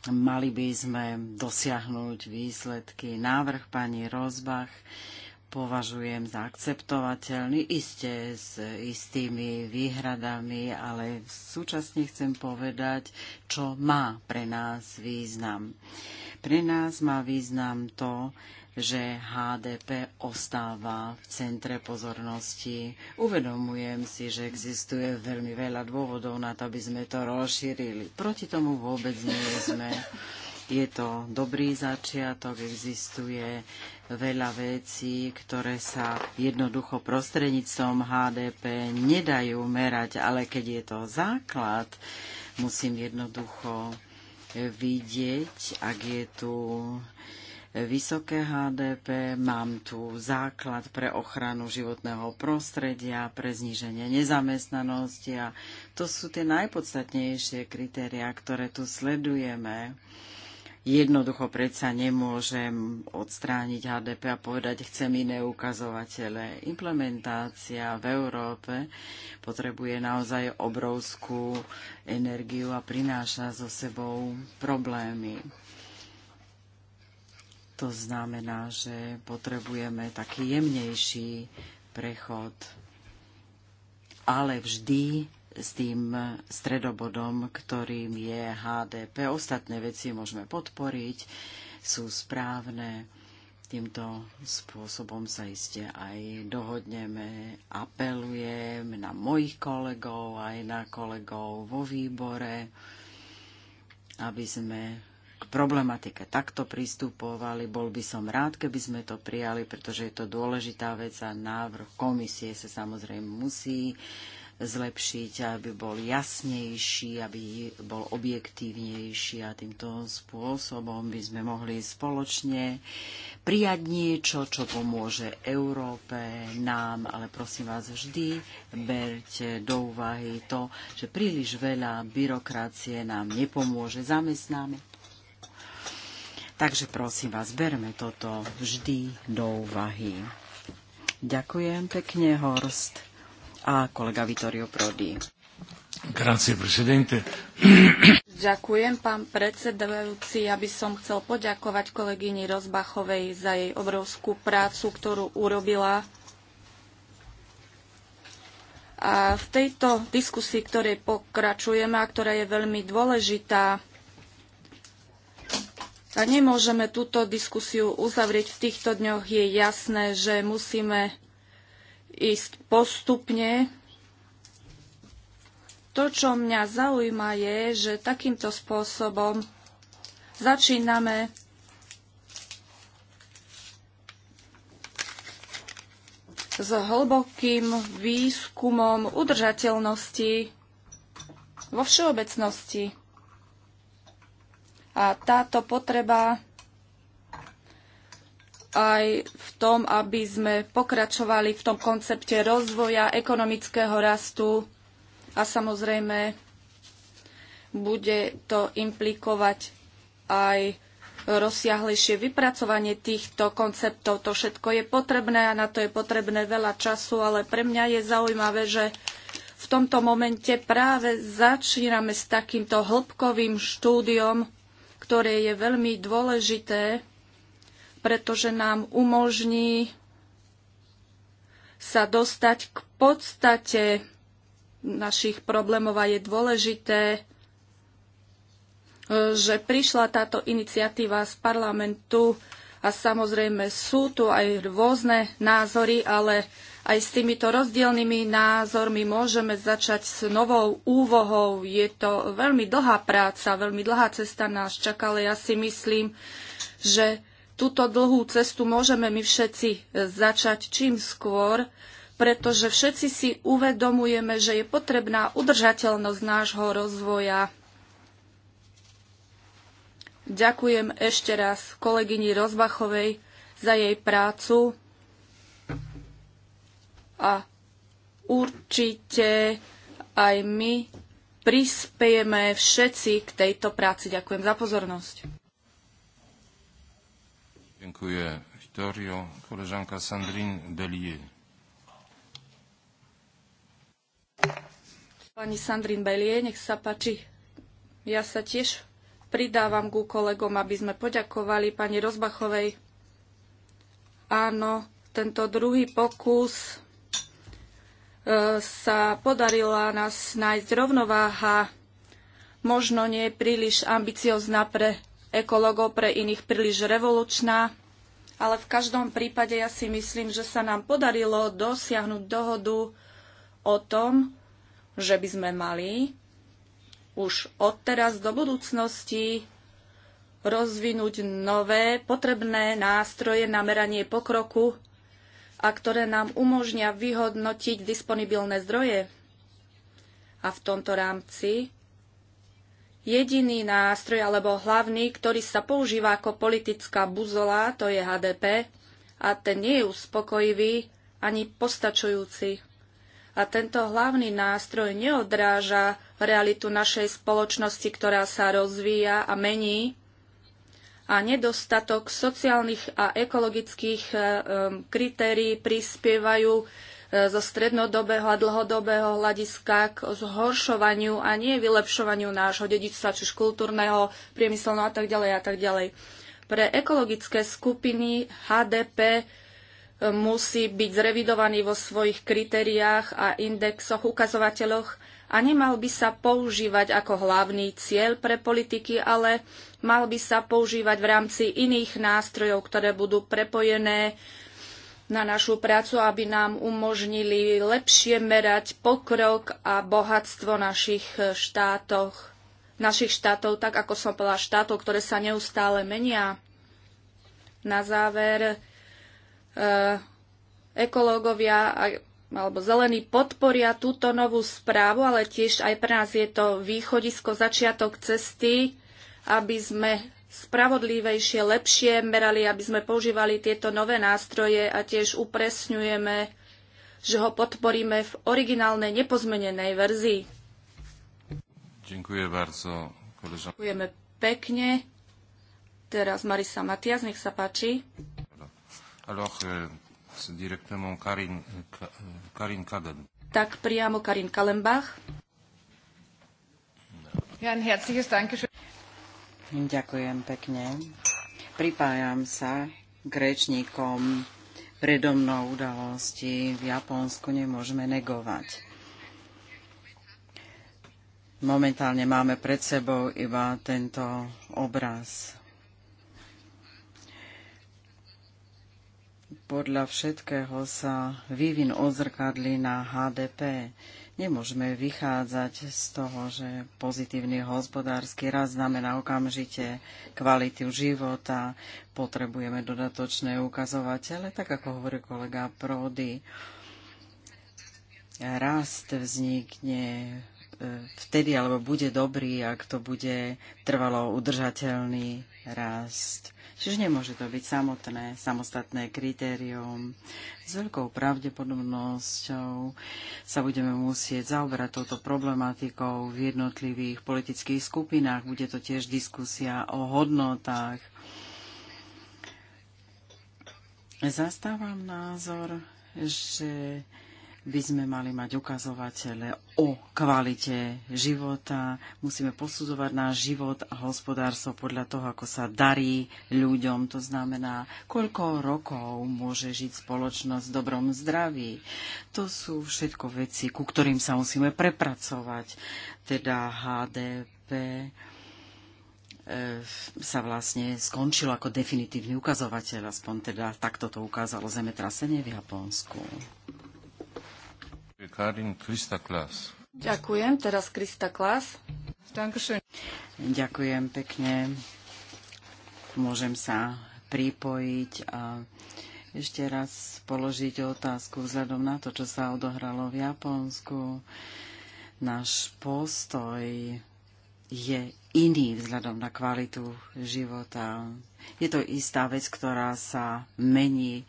Mali by sme dosiahnuť výsledky. Návrh pani Rozbach považujem za akceptovateľný, iste s istými výhradami, ale súčasne chcem povedať, čo má pre nás význam. Pre nás má význam to, že HDP ostáva v centre pozornosti. Uvedomujem si, že existuje veľmi veľa dôvodov na to, aby sme to rozšírili. Proti tomu vôbec nie sme. Je to dobrý začiatok, existuje veľa vecí, ktoré sa jednoducho prostredníctvom HDP nedajú merať, ale keď je to základ, musím jednoducho vidieť, ak je tu vysoké HDP, mám tu základ pre ochranu životného prostredia, pre zníženie nezamestnanosti a to sú tie najpodstatnejšie kritéria, ktoré tu sledujeme jednoducho predsa nemôžem odstrániť HDP a povedať, chcem iné ukazovatele. Implementácia v Európe potrebuje naozaj obrovskú energiu a prináša so sebou problémy. To znamená, že potrebujeme taký jemnejší prechod, ale vždy s tým stredobodom, ktorým je HDP. Ostatné veci môžeme podporiť, sú správne. Týmto spôsobom sa iste aj dohodneme. Apelujem na mojich kolegov, aj na kolegov vo výbore, aby sme k problematike takto pristupovali. Bol by som rád, keby sme to prijali, pretože je to dôležitá vec a návrh komisie sa samozrejme musí zlepšiť, aby bol jasnejší, aby bol objektívnejší a týmto spôsobom by sme mohli spoločne prijať niečo, čo pomôže Európe, nám, ale prosím vás vždy berte do úvahy to, že príliš veľa byrokracie nám nepomôže. Zamestnáme Takže prosím vás, berme toto vždy do úvahy. Ďakujem pekne, Horst a kolega Vittorio Prodi. Grazie, presidente. Ďakujem, pán predsedajúci. Ja by som chcel poďakovať kolegyni Rozbachovej za jej obrovskú prácu, ktorú urobila a v tejto diskusii, ktorej pokračujeme a ktorá je veľmi dôležitá, nemôžeme túto diskusiu uzavrieť v týchto dňoch. Je jasné, že musíme ísť postupne. To, čo mňa zaujíma, je, že takýmto spôsobom začíname s hlbokým výskumom udržateľnosti vo všeobecnosti. A táto potreba aj v tom, aby sme pokračovali v tom koncepte rozvoja ekonomického rastu a samozrejme bude to implikovať aj rozsiahlejšie vypracovanie týchto konceptov. To všetko je potrebné a na to je potrebné veľa času, ale pre mňa je zaujímavé, že v tomto momente práve začíname s takýmto hĺbkovým štúdiom ktoré je veľmi dôležité, pretože nám umožní sa dostať k podstate našich problémov a je dôležité, e, že prišla táto iniciatíva z parlamentu a samozrejme sú tu aj rôzne názory, ale aj s týmito rozdielnymi názormi môžeme začať s novou úvohou. Je to veľmi dlhá práca, veľmi dlhá cesta nás čaká, ale ja si myslím, že túto dlhú cestu môžeme my všetci začať čím skôr, pretože všetci si uvedomujeme, že je potrebná udržateľnosť nášho rozvoja. Ďakujem ešte raz kolegyni Rozbachovej za jej prácu a určite aj my prispiejeme všetci k tejto práci. Ďakujem za pozornosť. Ďakujem, Vittorio. Koležanka Sandrine Bellier. Pani Sandrine Bellier, nech sa páči. Ja sa tiež pridávam ku kolegom, aby sme poďakovali pani Rozbachovej. Áno, tento druhý pokus E, sa podarila nás nájsť rovnováha, možno nie príliš ambiciozná pre ekologov, pre iných príliš revolučná, ale v každom prípade ja si myslím, že sa nám podarilo dosiahnuť dohodu o tom, že by sme mali už odteraz do budúcnosti rozvinúť nové potrebné nástroje na meranie pokroku a ktoré nám umožnia vyhodnotiť disponibilné zdroje. A v tomto rámci jediný nástroj alebo hlavný, ktorý sa používa ako politická buzola, to je HDP, a ten nie je uspokojivý ani postačujúci a tento hlavný nástroj neodráža realitu našej spoločnosti, ktorá sa rozvíja a mení a nedostatok sociálnych a ekologických e, kritérií prispievajú e, zo strednodobého a dlhodobého hľadiska k zhoršovaniu a nie vylepšovaniu nášho dedičstva, čiže kultúrneho, priemyselného a tak ďalej a tak ďalej. Pre ekologické skupiny HDP e, musí byť zrevidovaný vo svojich kritériách a indexoch, ukazovateľoch, a nemal by sa používať ako hlavný cieľ pre politiky, ale mal by sa používať v rámci iných nástrojov, ktoré budú prepojené na našu prácu, aby nám umožnili lepšie merať pokrok a bohatstvo našich štátoch, našich štátov, tak ako som povedala, štátov, ktoré sa neustále menia. Na záver, e, ekológovia a alebo zelení podporia túto novú správu, ale tiež aj pre nás je to východisko, začiatok cesty, aby sme spravodlivejšie, lepšie merali, aby sme používali tieto nové nástroje a tiež upresňujeme, že ho podporíme v originálnej nepozmenenej verzii. Ďakujem bardzo. Koleža. Ďakujeme pekne. Teraz Marisa Matias, nech sa páči. Alors, euh... Karin, Karin Tak priamo Karin Kalembach. Ja, herzliches Dankeschön. Ďakujem pekne. Pripájam sa k rečníkom predo mnou udalosti v Japonsku nemôžeme negovať. Momentálne máme pred sebou iba tento obraz podľa všetkého sa vývin odzrkadlí na HDP. Nemôžeme vychádzať z toho, že pozitívny hospodársky rast znamená okamžite kvalitu života, potrebujeme dodatočné ukazovatele, tak ako hovorí kolega Prody. Rast vznikne e, vtedy alebo bude dobrý, ak to bude trvalo udržateľný rast. Čiže nemôže to byť samotné, samostatné kritérium. S veľkou pravdepodobnosťou sa budeme musieť zaoberať touto problematikou v jednotlivých politických skupinách. Bude to tiež diskusia o hodnotách. Zastávam názor, že by sme mali mať ukazovatele o kvalite života. Musíme posudzovať náš život a hospodárstvo podľa toho, ako sa darí ľuďom. To znamená, koľko rokov môže žiť spoločnosť v dobrom zdraví. To sú všetko veci, ku ktorým sa musíme prepracovať. Teda HDP e, sa vlastne skončilo ako definitívny ukazovateľ, aspoň teda takto to ukázalo zemetrasenie v Japonsku. Ďakujem, teraz Krista Klas. Ďakujem pekne. Môžem sa pripojiť a ešte raz položiť otázku vzhľadom na to, čo sa odohralo v Japonsku. Náš postoj je iný vzhľadom na kvalitu života. Je to istá vec, ktorá sa mení.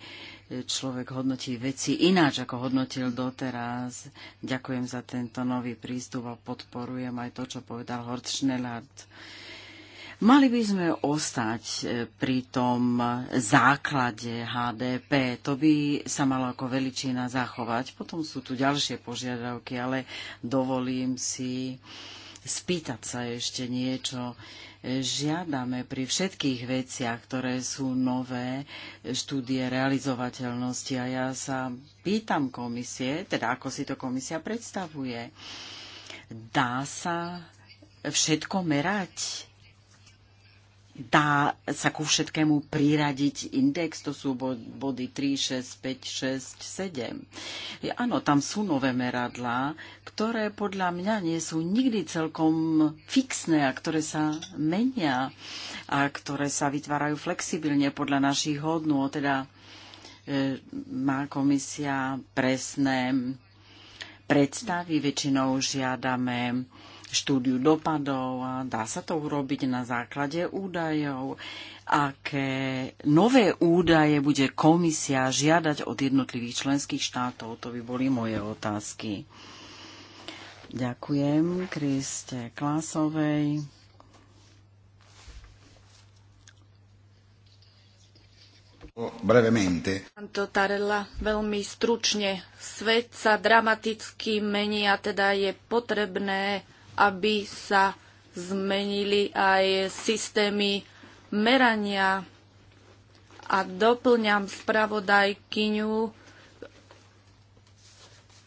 Človek hodnotí veci ináč, ako hodnotil doteraz. Ďakujem za tento nový prístup a podporujem aj to, čo povedal Hort Schnellert. Mali by sme ostať e, pri tom základe HDP. To by sa malo ako veličina zachovať. Potom sú tu ďalšie požiadavky, ale dovolím si spýtať sa ešte niečo. Žiadame pri všetkých veciach, ktoré sú nové, štúdie realizovateľnosti a ja sa pýtam komisie, teda ako si to komisia predstavuje. Dá sa všetko merať? dá sa ku všetkému priradiť index, to sú body 3, 6, 5, 6, 7. Áno, tam sú nové meradlá, ktoré podľa mňa nie sú nikdy celkom fixné a ktoré sa menia a ktoré sa vytvárajú flexibilne podľa našich hodnôt. Teda e, má komisia presné predstavy, väčšinou žiadame štúdiu dopadov a dá sa to urobiť na základe údajov, aké nové údaje bude komisia žiadať od jednotlivých členských štátov. To by boli moje otázky. Ďakujem Kriste Klásovej. Brevemente. Tarella, veľmi stručne. Svet sa dramaticky mení a teda je potrebné aby sa zmenili aj systémy merania. A doplňam spravodajkyňu.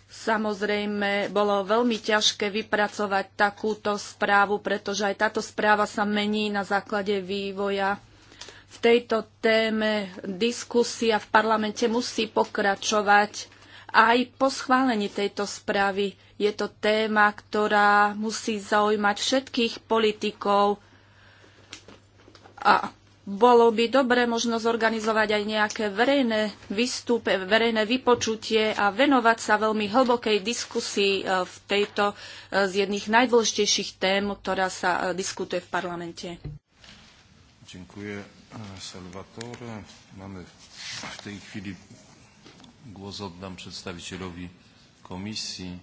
Samozrejme, bolo veľmi ťažké vypracovať takúto správu, pretože aj táto správa sa mení na základe vývoja v tejto téme diskusia v parlamente musí pokračovať aj po schválení tejto správy. Je to téma, ktorá musí zaujímať všetkých politikov a bolo by dobre možno zorganizovať aj nejaké verejné výstupe, verejné vypočutie a venovať sa veľmi hlbokej diskusii e, v tejto e, z jedných najdôležitejších tém, ktorá sa e, diskutuje v parlamente. Dziękuję Salvatore. Mamy w tej chwili głos oddam przedstawicielowi komisji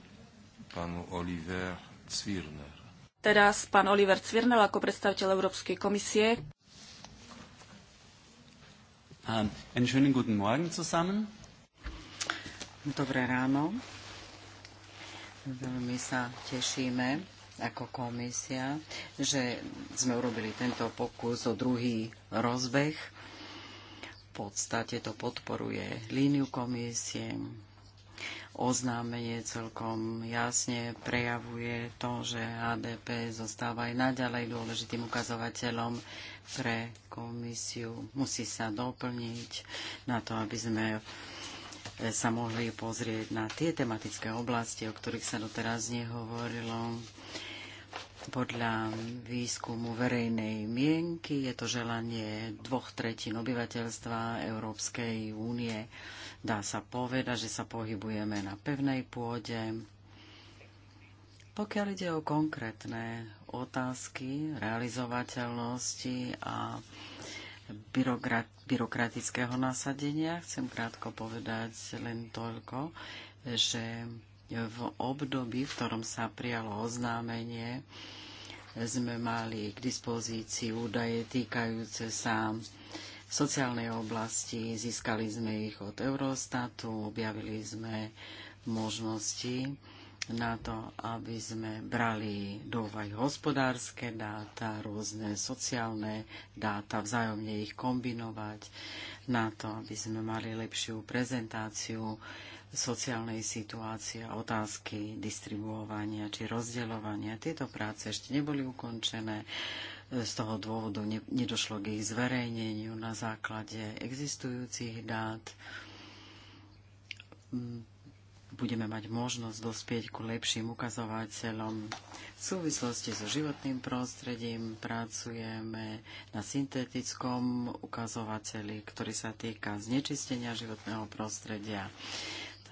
panu Oliver Cvirner. Teraz pán Oliver Cvirnel ako predstaviteľ Európskej komisie. Um, einen schönen guten Morgen zusammen. Dobré ráno. Veľmi sa tešíme ako komisia, že sme urobili tento pokus o druhý rozbeh. V podstate to podporuje líniu komisie, oznámenie celkom jasne prejavuje to, že HDP zostáva aj naďalej dôležitým ukazovateľom pre komisiu. Musí sa doplniť na to, aby sme sa mohli pozrieť na tie tematické oblasti, o ktorých sa doteraz nehovorilo. Podľa výskumu verejnej mienky je to želanie dvoch tretín obyvateľstva Európskej únie. Dá sa povedať, že sa pohybujeme na pevnej pôde. Pokiaľ ide o konkrétne otázky realizovateľnosti a byrokratického nasadenia, chcem krátko povedať len toľko, že v období, v ktorom sa prijalo oznámenie, sme mali k dispozícii údaje týkajúce sa sociálnej oblasti. Získali sme ich od Eurostatu, objavili sme možnosti na to, aby sme brali do úvahy hospodárske dáta, rôzne sociálne dáta, vzájomne ich kombinovať, na to, aby sme mali lepšiu prezentáciu sociálnej situácie, otázky distribuovania či rozdeľovania. Tieto práce ešte neboli ukončené z toho dôvodu nedošlo k ich zverejneniu na základe existujúcich dát. Budeme mať možnosť dospieť ku lepším ukazovateľom. V súvislosti so životným prostredím pracujeme na syntetickom ukazovateli, ktorý sa týka znečistenia životného prostredia.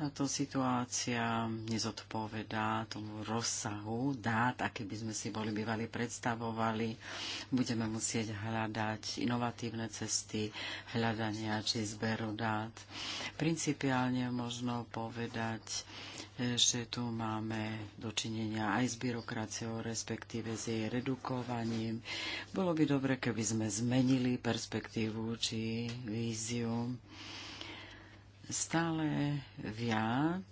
Táto situácia nezodpovedá tomu rozsahu dát, aké by sme si boli bývali predstavovali. Budeme musieť hľadať inovatívne cesty hľadania či zberu dát. Principiálne možno povedať, že tu máme dočinenia aj s byrokraciou, respektíve s jej redukovaním. Bolo by dobre, keby sme zmenili perspektívu či víziu stále viac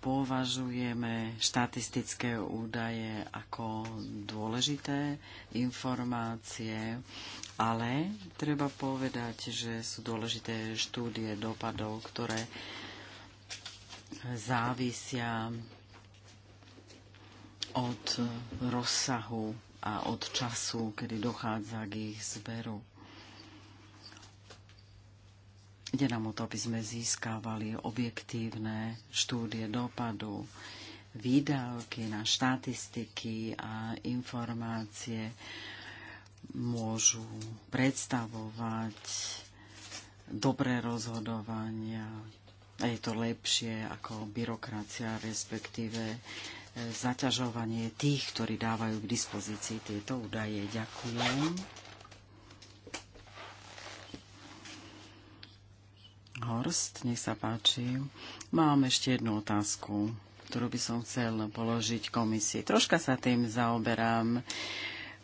považujeme štatistické údaje ako dôležité informácie, ale treba povedať, že sú dôležité štúdie dopadov, ktoré závisia od rozsahu a od času, kedy dochádza k ich zberu. Ide nám o to, aby sme získávali objektívne štúdie dopadu, výdavky na štatistiky a informácie môžu predstavovať dobré rozhodovania. A je to lepšie ako byrokracia, respektíve e, zaťažovanie tých, ktorí dávajú k dispozícii tieto údaje. Ďakujem. Horst, nech sa páči. Mám ešte jednu otázku, ktorú by som chcel položiť komisii. Troška sa tým zaoberám.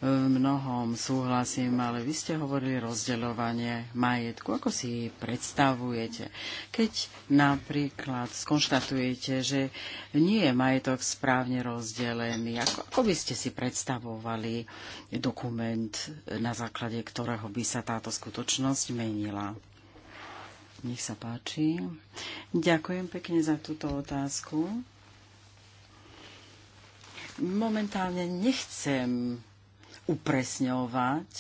V mnohom súhlasím, ale vy ste hovorili rozdeľovanie majetku. Ako si predstavujete? Keď napríklad skonštatujete, že nie je majetok správne rozdelený, ako, ako by ste si predstavovali dokument, na základe ktorého by sa táto skutočnosť menila? Nech sa páči. Ďakujem pekne za túto otázku. Momentálne nechcem upresňovať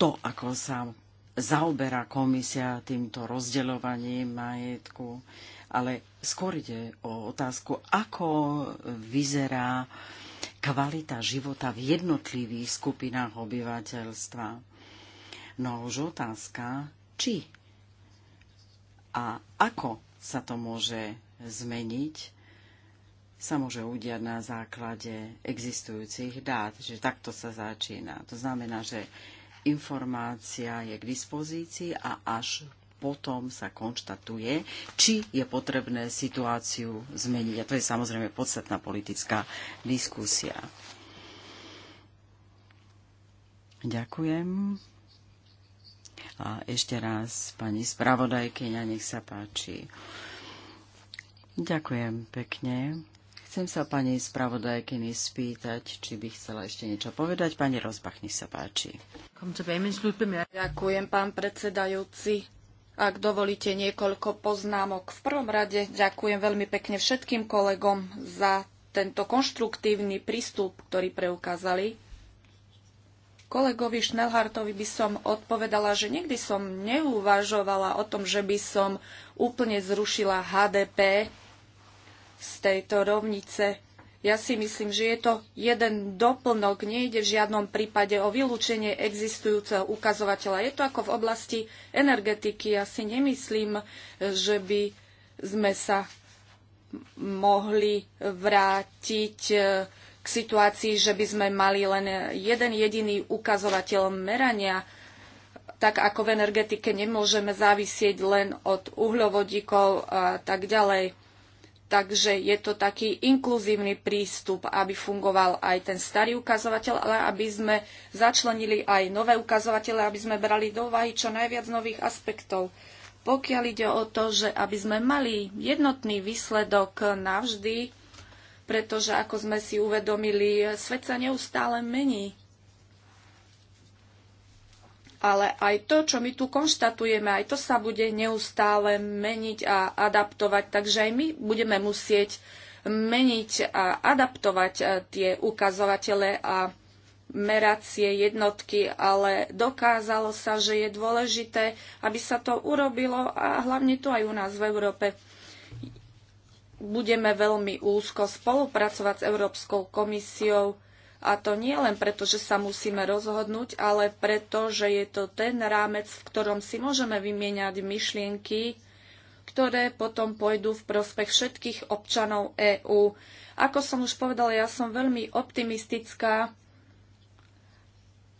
to, ako sa zaoberá komisia týmto rozdeľovaním majetku, ale skôr ide o otázku, ako vyzerá kvalita života v jednotlivých skupinách obyvateľstva. No už otázka, či a ako sa to môže zmeniť, sa môže udiať na základe existujúcich dát. že takto sa začína. To znamená, že informácia je k dispozícii a až potom sa konštatuje, či je potrebné situáciu zmeniť. A to je samozrejme podstatná politická diskusia. Ďakujem. A ešte raz pani spravodajkyňa, nech sa páči. Ďakujem pekne. Chcem sa pani spravodajkyni spýtať, či by chcela ešte niečo povedať. Pani Rozbach, nech sa páči. Ďakujem, pán predsedajúci. Ak dovolíte niekoľko poznámok. V prvom rade ďakujem veľmi pekne všetkým kolegom za tento konštruktívny prístup, ktorý preukázali Kolegovi Šnelhartovi by som odpovedala, že nikdy som neuvažovala o tom, že by som úplne zrušila HDP z tejto rovnice. Ja si myslím, že je to jeden doplnok, nejde v žiadnom prípade o vylúčenie existujúceho ukazovateľa. Je to ako v oblasti energetiky. Ja si nemyslím, že by sme sa mohli vrátiť eh, k situácii, že by sme mali len jeden jediný ukazovateľ merania, tak ako v energetike nemôžeme závisieť len od uhľovodíkov a tak ďalej. Takže je to taký inkluzívny prístup, aby fungoval aj ten starý ukazovateľ, ale aby sme začlenili aj nové ukazovatele, aby sme brali do úvahy čo najviac nových aspektov. Pokiaľ ide o to, že aby sme mali jednotný výsledok navždy, pretože ako sme si uvedomili, svet sa neustále mení. Ale aj to, čo my tu konštatujeme, aj to sa bude neustále meniť a adaptovať. Takže aj my budeme musieť meniť a adaptovať eh, tie ukazovatele a meracie jednotky, ale dokázalo sa, že je dôležité, aby sa to urobilo a hlavne tu aj u nás v Európe budeme veľmi úzko spolupracovať s Európskou komisiou a to nie len preto, že sa musíme rozhodnúť, ale preto, že je to ten rámec, v ktorom si môžeme vymieňať myšlienky, ktoré potom pôjdu v prospech všetkých občanov EÚ. Ako som už povedala, ja som veľmi optimistická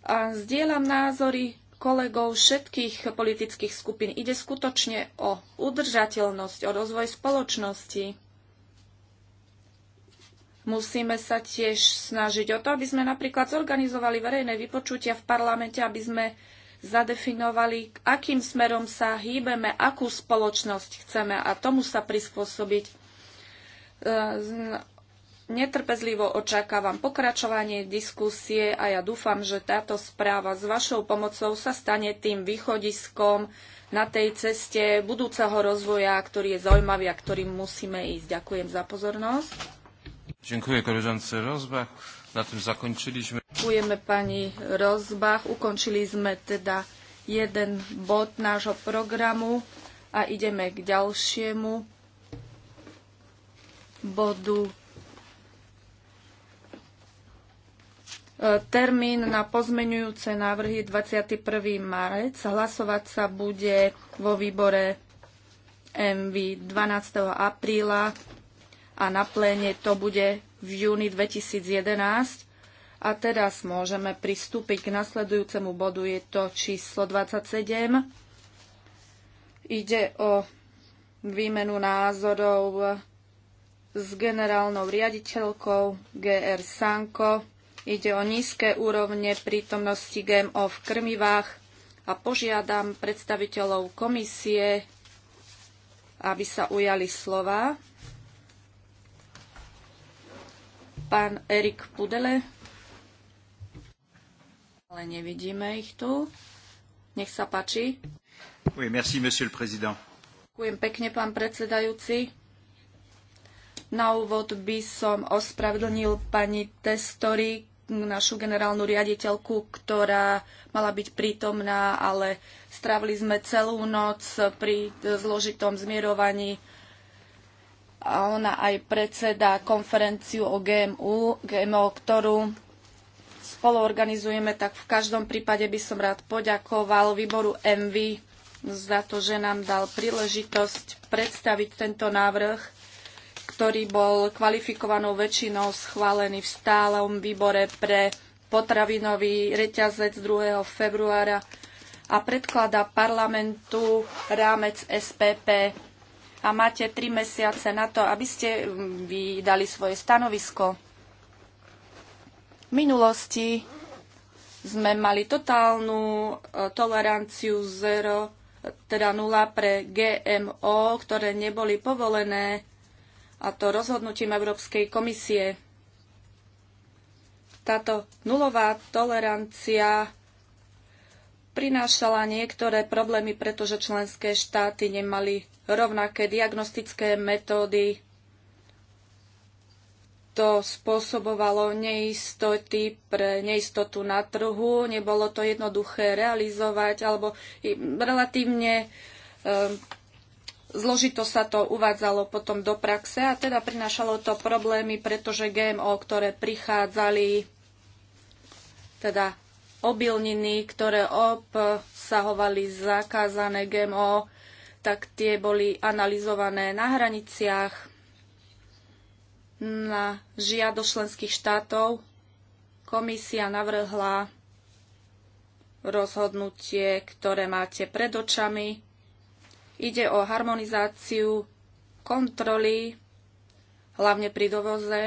a zdieľam názory kolegov všetkých politických skupín. Ide skutočne o udržateľnosť, o rozvoj spoločnosti. Musíme sa tiež snažiť o to, aby sme napríklad zorganizovali verejné vypočutia v parlamente, aby sme zadefinovali, akým smerom sa hýbeme, akú spoločnosť chceme a tomu sa prispôsobiť. E, netrpezlivo očakávam pokračovanie diskusie a ja dúfam, že táto správa s vašou pomocou sa stane tým východiskom na tej ceste budúceho rozvoja, ktorý je zaujímavý a ktorým musíme ísť. Ďakujem za pozornosť. Ďakujem koleżance Rozbach. Na tym zakończyliśmy. Ďakujeme pani Rozbach. Ukončili sme teda jeden bod nášho programu a ideme k ďalšiemu bodu. E, termín na pozmenujúce návrhy 21. marec. Hlasovať sa bude vo výbore MV 12. apríla a na pléne to bude v júni 2011. A teraz môžeme pristúpiť k nasledujúcemu bodu, je to číslo 27. Ide o výmenu názorov s generálnou riaditeľkou GR Sanko. Ide o nízke úrovne prítomnosti GMO v krmivách a požiadam predstaviteľov komisie, aby sa ujali slova. Pán Erik Pudele. Ale nevidíme ich tu. Nech sa páči. Oui, merci, monsieur le président. Ďakujem pekne, pán predsedajúci. Na úvod by som ospravedlnil pani testori našu generálnu riaditeľku, ktorá mala byť prítomná, ale strávili sme celú noc pri zložitom zmierovaní a ona aj predseda konferenciu o GMU, GMO, ktorú spolu organizujeme, tak v každom prípade by som rád poďakoval výboru MV za to, že nám dal príležitosť predstaviť tento návrh, ktorý bol kvalifikovanou väčšinou schválený v stálom výbore pre potravinový reťazec 2. februára a predkladá parlamentu rámec SPP a máte tri mesiace na to, aby ste mm, vydali svoje stanovisko. V minulosti sme mali totálnu e, toleranciu zero, teda nula pre GMO, ktoré neboli povolené a to rozhodnutím Európskej komisie. Táto nulová tolerancia prinášala niektoré problémy, pretože členské štáty nemali rovnaké diagnostické metódy. To spôsobovalo neistoty pre neistotu na trhu. Nebolo to jednoduché realizovať, alebo relatívne ehm, zložito sa to uvádzalo potom do praxe a teda prinášalo to problémy, pretože GMO, ktoré prichádzali, teda obilniny, ktoré obsahovali zakázané GMO, tak tie boli analyzované na hraniciach na žiado členských štátov. Komisia navrhla rozhodnutie, ktoré máte pred očami. Ide o harmonizáciu kontroly, hlavne pri dovoze.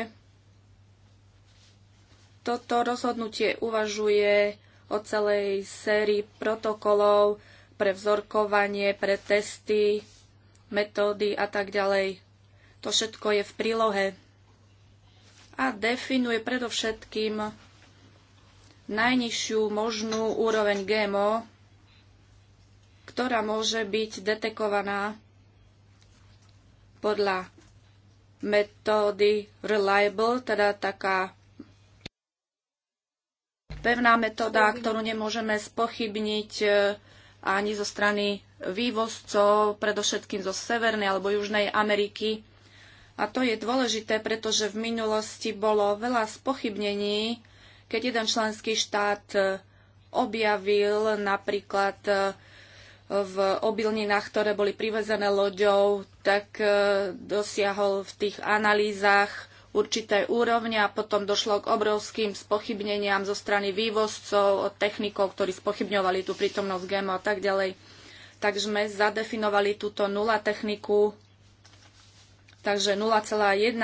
Toto rozhodnutie uvažuje o celej sérii protokolov pre vzorkovanie, pre testy, metódy a tak ďalej. To všetko je v prílohe a definuje predovšetkým najnižšiu možnú úroveň GMO, ktorá môže byť detekovaná podľa metódy reliable, teda taká pevná metóda, ktorú nemôžeme spochybniť e, ani zo strany vývozcov, predovšetkým zo Severnej alebo Južnej Ameriky. A to je dôležité, pretože v minulosti bolo veľa spochybnení, keď jeden členský štát e, objavil napríklad e, v obilninách, ktoré boli privezené loďou, tak dosiahol v tých analýzach určité úrovne a potom došlo k obrovským spochybneniam zo strany vývozcov, technikov, ktorí spochybňovali tú prítomnosť GMO a tak ďalej. Takže sme zadefinovali túto nula techniku, takže 0,1%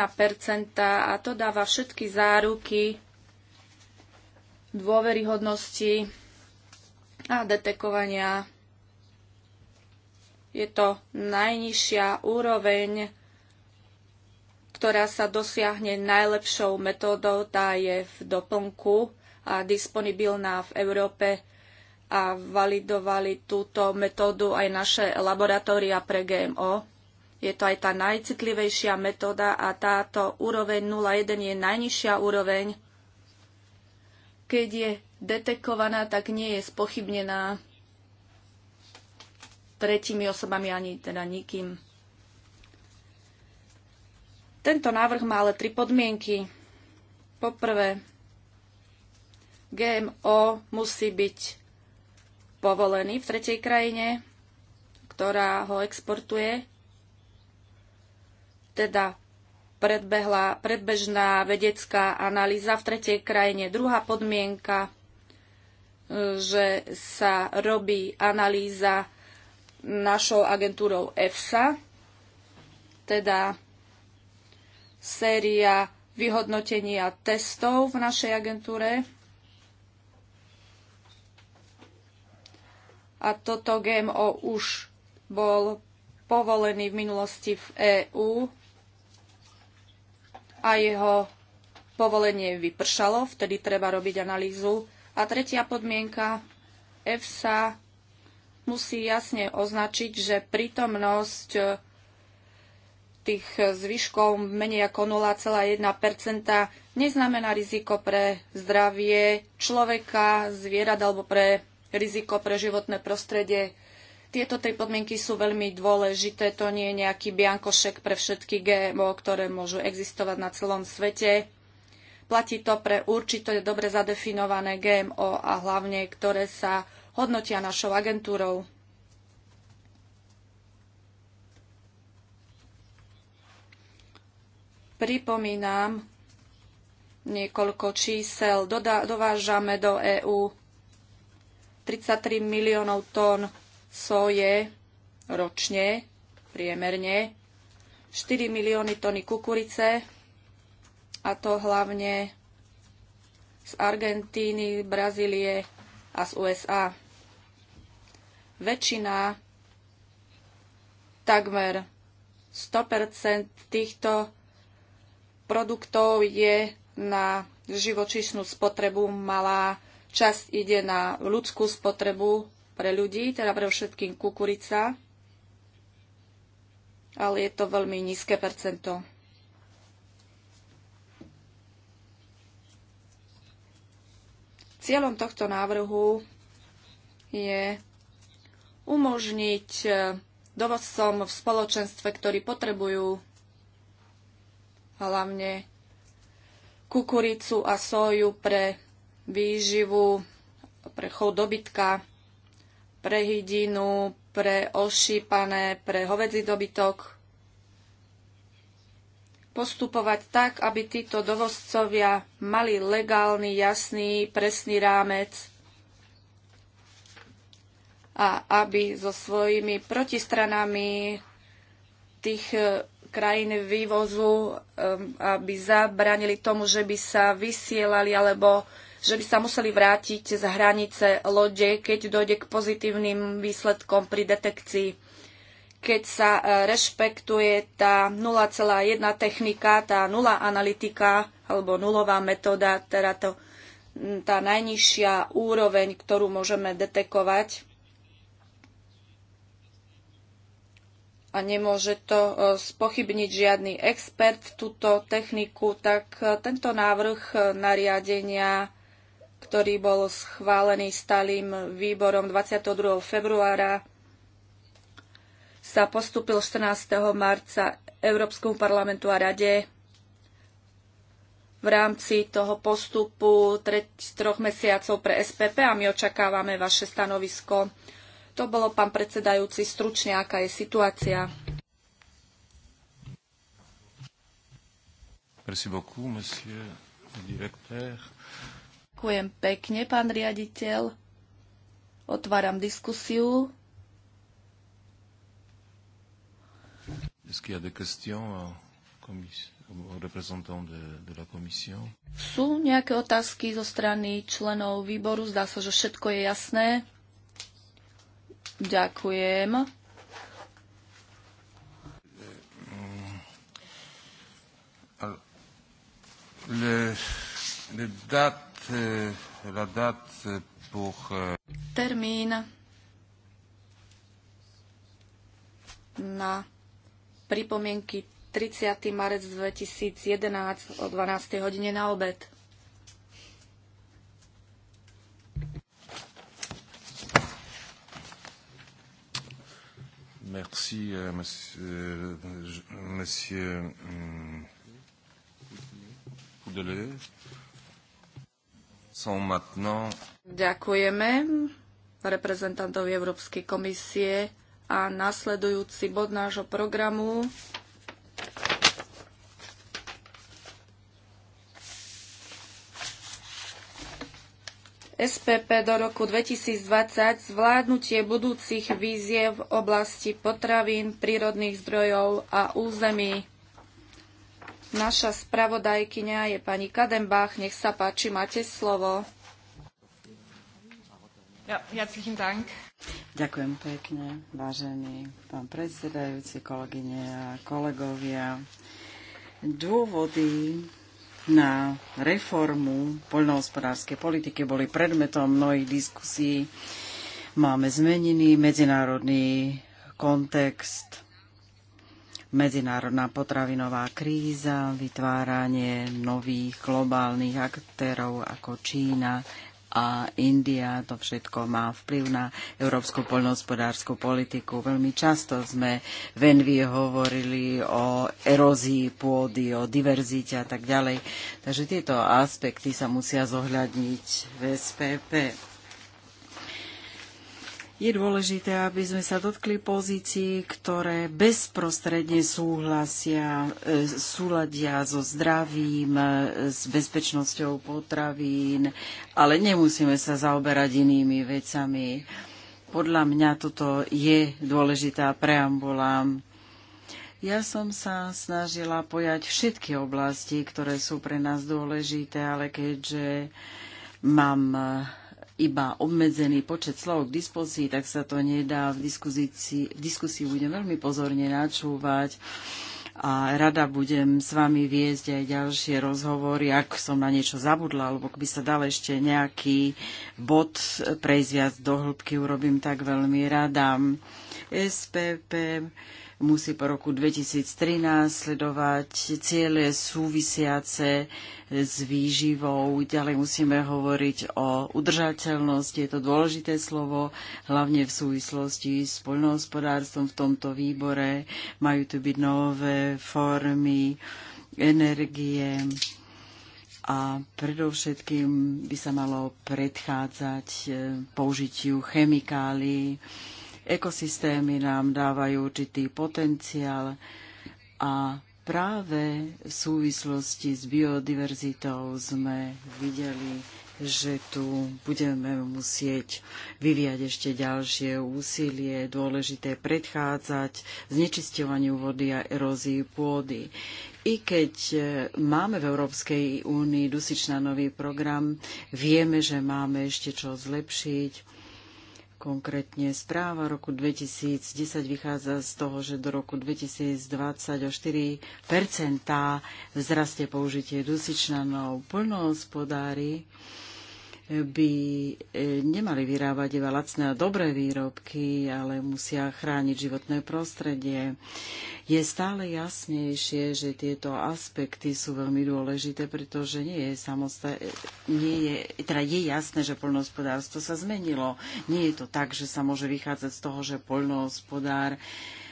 a to dáva všetky záruky dôveryhodnosti a detekovania. Je to najnižšia úroveň ktorá sa dosiahne najlepšou metódou, tá je v doplnku a disponibilná v Európe a validovali túto metódu aj naše laboratória pre GMO. Je to aj tá najcitlivejšia metóda a táto úroveň 0,1 je najnižšia úroveň. Keď je detekovaná, tak nie je spochybnená tretími osobami ani teda nikým. Tento návrh má ale tri podmienky. Poprvé, GMO musí byť povolený v tretej krajine, ktorá ho exportuje, teda predbehla predbežná vedecká analýza v tretej krajine. Druhá podmienka, že sa robí analýza našou agentúrou EFSA, teda séria vyhodnotenia testov v našej agentúre. A toto GMO už bol povolený v minulosti v EÚ a jeho povolenie vypršalo, vtedy treba robiť analýzu. A tretia podmienka, EFSA musí jasne označiť, že prítomnosť tých zvyškov menej ako 0,1 neznamená riziko pre zdravie človeka, zvierat alebo pre riziko pre životné prostredie. Tieto tej podmienky sú veľmi dôležité. To nie je nejaký biankošek pre všetky GMO, ktoré môžu existovať na celom svete. Platí to pre určite dobre zadefinované GMO a hlavne, ktoré sa hodnotia našou agentúrou. Pripomínam niekoľko čísel. Doda- dovážame do EÚ 33 miliónov tón soje ročne, priemerne, 4 milióny tony kukurice, a to hlavne z Argentíny, Brazílie a z USA. Väčšina, takmer 100% týchto produktov je na živočíšnu spotrebu, malá časť ide na ľudskú spotrebu pre ľudí, teda pre všetkým kukurica, ale je to veľmi nízke percento. Cieľom tohto návrhu je umožniť dovozcom v spoločenstve, ktorí potrebujú hlavne kukuricu a soju pre výživu, pre chov dobytka, pre hydinu, pre ošípané, pre hovedzi dobytok. Postupovať tak, aby títo dovozcovia mali legálny, jasný, presný rámec a aby so svojimi protistranami tých krajiny vývozu, um, aby zabránili tomu, že by sa vysielali alebo že by sa museli vrátiť z hranice lode, keď dojde k pozitívnym výsledkom pri detekcii. Keď sa uh, rešpektuje tá 0,1 technika, tá 0 analytika alebo nulová metóda, teda to, tá najnižšia úroveň, ktorú môžeme detekovať, a nemôže to e, spochybniť žiadny expert túto techniku, tak e, tento návrh e, nariadenia, ktorý bol schválený stálým výborom 22. februára, sa postupil 14. marca Európskom parlamentu a Rade v rámci toho postupu treť, troch mesiacov pre SPP a my očakávame vaše stanovisko to bolo, pán predsedajúci, stručne, aká je situácia. Merci beaucoup, monsieur directeur. Ďakujem pekne, pán riaditeľ. Otváram diskusiu. Est-ce qu'il y a des questions au représentant de, de la commission? Sú nejaké otázky zo strany členov výboru? Zdá sa, že všetko je jasné. Ďakujem. Le, le date, eh, la date pour... Eh, Termín na pripomienky 30. marec 2011 o 12. hodine na obed. Merci, euh, monsieur, euh, monsieur hmm, Poudelet. Sont maintenant... Ďakujeme reprezentantovi Európskej komisie a nasledujúci bod nášho programu SPP do roku 2020 zvládnutie budúcich víziev v oblasti potravín, prírodných zdrojov a území. Naša spravodajkyňa je pani Kadenbach. Nech sa páči, máte slovo. Ja, Dank. Ďakujem pekne, vážený pán predsedajúci, kolegyne a kolegovia. Dôvody na reformu poľnohospodárskej politiky boli predmetom mnohých diskusí. Máme zmenený medzinárodný kontext, medzinárodná potravinová kríza, vytváranie nových globálnych aktérov ako Čína, a India. To všetko má vplyv na európsku poľnohospodárskú politiku. Veľmi často sme v Envy hovorili o erózii pôdy, o diverzite a tak ďalej. Takže tieto aspekty sa musia zohľadniť v SPP. Je dôležité, aby sme sa dotkli pozícií, ktoré bezprostredne súhlasia, e, súladia so zdravím, e, s bezpečnosťou potravín, ale nemusíme sa zaoberať inými vecami. Podľa mňa toto je dôležitá preambula. Ja som sa snažila pojať všetky oblasti, ktoré sú pre nás dôležité, ale keďže mám e, iba obmedzený počet slov k dispozícii, tak sa to nedá. V diskusii, v diskusii budem veľmi pozorne načúvať a rada budem s vami viesť aj ďalšie rozhovory, ak som na niečo zabudla, alebo ak by sa dal ešte nejaký bod prejsť viac do hĺbky, urobím tak veľmi rada. SPP musí po roku 2013 sledovať ciele súvisiace s výživou. Ďalej musíme hovoriť o udržateľnosti. Je to dôležité slovo, hlavne v súvislosti s poľnohospodárstvom v tomto výbore. Majú tu byť nové formy energie a predovšetkým by sa malo predchádzať e, použitiu chemikálií Ekosystémy nám dávajú určitý potenciál a práve v súvislosti s biodiverzitou sme videli, že tu budeme musieť vyviať ešte ďalšie úsilie. dôležité predchádzať znečisťovaniu vody a erózii pôdy. I keď e, máme v Európskej únii dusičná nový program, vieme, že máme ešte čo zlepšiť Konkrétne správa roku 2010 vychádza z toho, že do roku 2020 o 4 vzrastie použitie dusičnanov. Poľnohospodári by e, nemali vyrábať iba lacné a dobré výrobky, ale musia chrániť životné prostredie. Je stále jasnejšie, že tieto aspekty sú veľmi dôležité, pretože nie je, samostá... nie je... Teda je jasné, že poľnohospodárstvo sa zmenilo. Nie je to tak, že sa môže vychádzať z toho, že poľnohospodár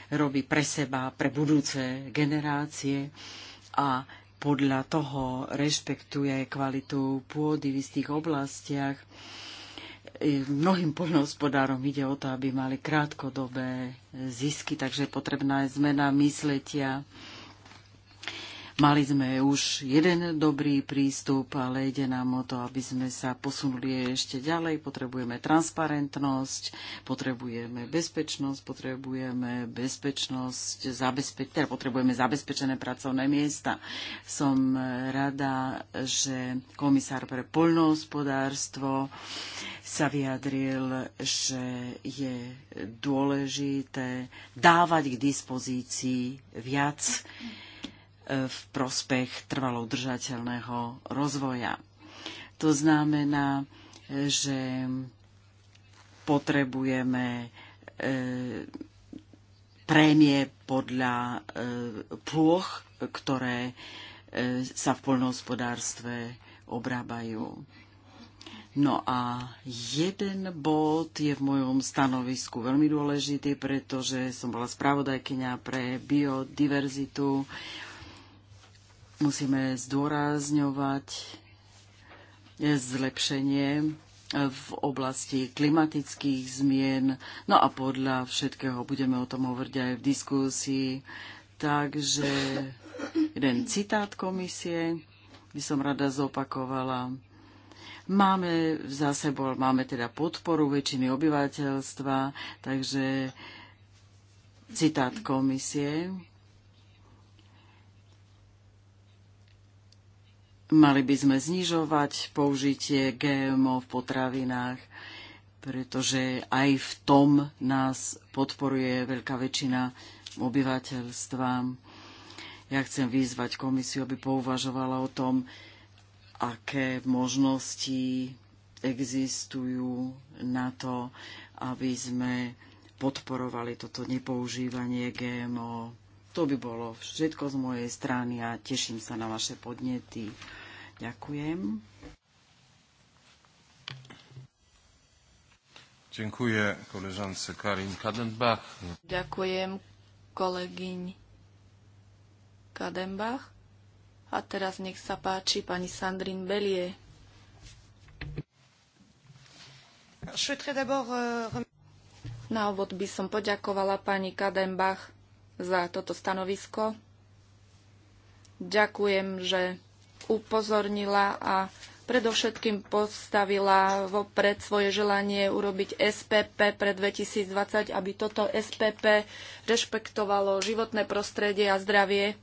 robí pre seba, pre budúce generácie a podľa toho rešpektuje kvalitu pôdy v istých oblastiach. Mnohým poľnohospodárom ide o to, aby mali krátkodobé zisky, takže potrebná je zmena mysletia. Mali sme už jeden dobrý prístup, ale ide nám o to, aby sme sa posunuli ešte ďalej. Potrebujeme transparentnosť, potrebujeme bezpečnosť, potrebujeme bezpečnosť, zabezpe- teda potrebujeme zabezpečené pracovné miesta. Som rada, že komisár pre poľnohospodárstvo sa vyjadril, že je dôležité dávať k dispozícii viac. Mm E, v prospech trvalo udržateľného rozvoja. To znamená, e, že potrebujeme e, prémie podľa plôch, ktoré sa v poľnohospodárstve obrábajú. No a jeden bod je v mojom stanovisku veľmi dôležitý, pretože som bola spravodajkynia pre biodiverzitu. Musíme zdôrazňovať eh, zlepšenie eh, v oblasti klimatických zmien. No a podľa všetkého budeme o tom hovoriť aj v diskusii. Takže jeden citát komisie by som rada zopakovala. Máme za sebou, máme teda podporu väčšiny obyvateľstva, takže citát komisie Mali by sme znižovať použitie GMO v potravinách, pretože aj v tom nás podporuje veľká väčšina obyvateľstva. Ja chcem vyzvať komisiu, aby pouvažovala o tom, aké možnosti existujú na to, aby sme podporovali toto nepoužívanie GMO. To by bolo všetko z mojej strany a teším sa na vaše podnety. Ďakujem. Dziękuję koleżance Karin Kadenbach. Ďakujem kolegyň Kadenbach. A teraz nech sa páči pani Sandrine Belie. Euh, Na úvod by som poďakovala pani Kadenbach za toto stanovisko. Ďakujem, že upozornila a predovšetkým postavila vopred svoje želanie urobiť SPP pre 2020, aby toto SPP rešpektovalo životné prostredie a zdravie.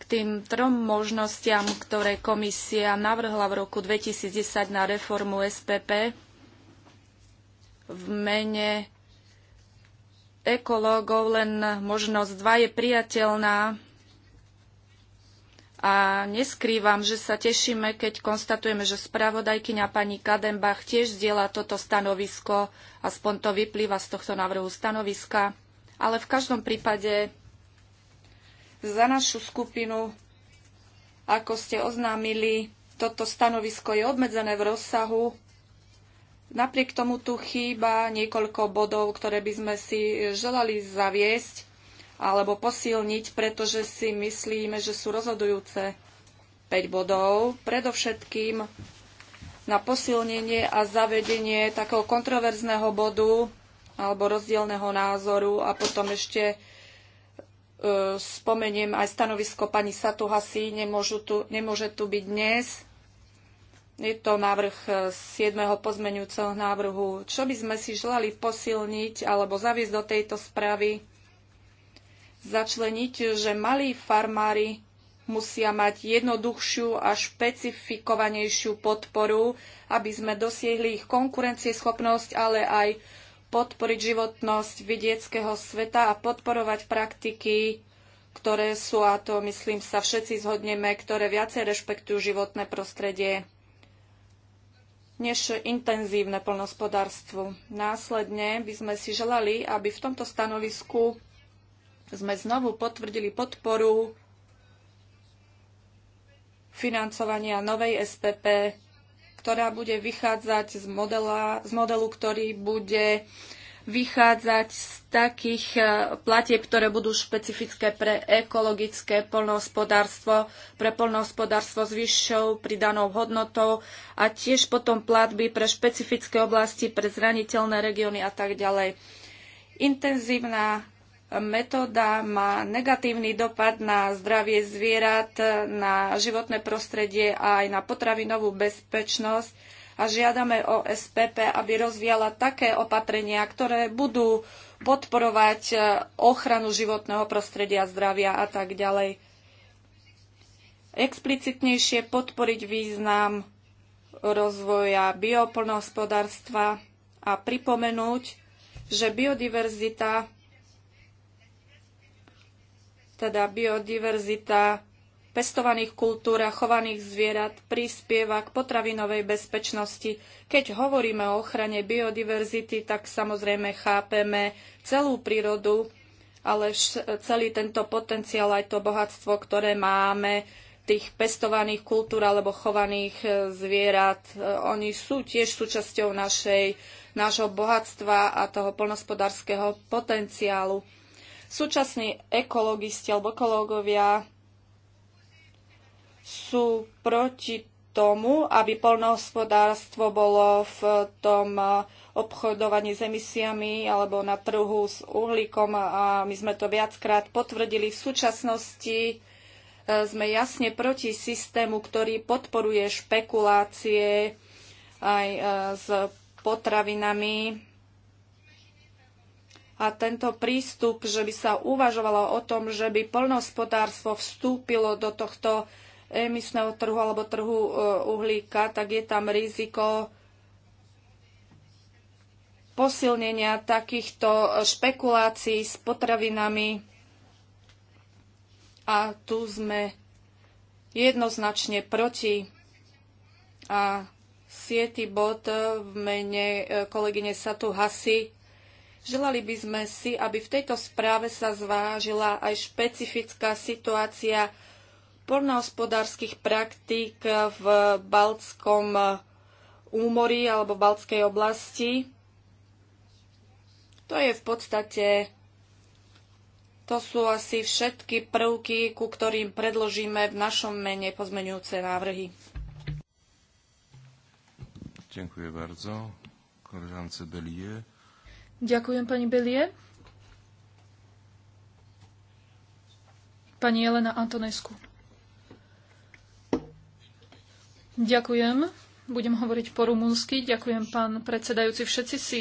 K tým trom možnostiam, ktoré komisia navrhla v roku 2010 na reformu SPP v mene ekológov len možnosť 2 je priateľná a neskrývam, že sa tešíme, keď konstatujeme, že spravodajkyňa pani Kadenbach tiež zdieľa toto stanovisko, aspoň to vyplýva z tohto návrhu stanoviska. Ale v každom prípade za našu skupinu, ako ste oznámili, toto stanovisko je obmedzené v rozsahu. Napriek tomu tu chýba niekoľko bodov, ktoré by sme si želali zaviesť alebo posilniť, pretože si myslíme, že sú rozhodujúce 5 bodov. Predovšetkým na posilnenie a zavedenie takého kontroverzného bodu alebo rozdielného názoru a potom ešte e, spomeniem aj stanovisko pani Satuhasi, nemôžu tu, nemôže tu byť dnes. Je to návrh 7. E, pozmenujúceho návrhu. Čo by sme si želali posilniť alebo zaviesť do tejto správy? začleniť, že malí farmári musia mať jednoduchšiu a špecifikovanejšiu podporu, aby sme dosiahli ich konkurencieschopnosť, ale aj podporiť životnosť vidieckého sveta a podporovať praktiky, ktoré sú, a to myslím sa všetci zhodneme, ktoré viacej rešpektujú životné prostredie než intenzívne plnospodárstvo. Následne by sme si želali, aby v tomto stanovisku sme znovu potvrdili podporu financovania novej SPP, ktorá bude vychádzať z, modela, z modelu, ktorý bude vychádzať z takých e, platieb, ktoré budú špecifické pre ekologické polnohospodárstvo, pre polnohospodárstvo s vyššou pridanou hodnotou a tiež potom platby pre špecifické oblasti, pre zraniteľné regióny a tak ďalej. Intenzívna metóda má negatívny dopad na zdravie zvierat, na životné prostredie a aj na potravinovú bezpečnosť a žiadame o SPP, aby rozvíjala také opatrenia, ktoré budú podporovať e, ochranu životného prostredia, zdravia a tak ďalej. Explicitnejšie podporiť význam rozvoja bioplnohospodárstva a pripomenúť, že biodiverzita teda biodiverzita pestovaných kultúr a chovaných zvierat prispieva k potravinovej bezpečnosti. Keď hovoríme o ochrane biodiverzity, tak samozrejme chápeme celú prírodu, ale celý tento potenciál aj to bohatstvo, ktoré máme, tých pestovaných kultúr alebo chovaných e, zvierat, e, oni sú tiež súčasťou našej, nášho bohatstva a toho poľnospodárskeho potenciálu. Súčasní ekologisti alebo ekológovia sú proti tomu, aby polnohospodárstvo bolo v tom eh, obchodovaní s emisiami alebo na trhu s uhlíkom a my sme to viackrát potvrdili. V súčasnosti eh, sme jasne proti systému, ktorý podporuje špekulácie aj eh, s potravinami a tento prístup, že by sa uvažovalo o tom, že by poľnohospodárstvo vstúpilo do tohto emisného trhu alebo trhu e, uhlíka, tak je tam riziko posilnenia takýchto špekulácií s potravinami. A tu sme jednoznačne proti. A siety bod v mene e, kolegyne Satu Hasi Želali by sme si, aby v tejto správe sa zvážila aj špecifická situácia pornohospodárskych praktík v Baltskom úmori alebo v Baltskej oblasti. To je v podstate, to sú asi všetky prvky, ku ktorým predložíme v našom mene pozmenujúce návrhy. Ďakujem bardzo. Koleżance Belie. Ďakujem, pani Belie. Pani Elena Antonescu. Ďakujem. Budem hovoriť po rumúnsky. Ďakujem, pán predsedajúci. Všetci si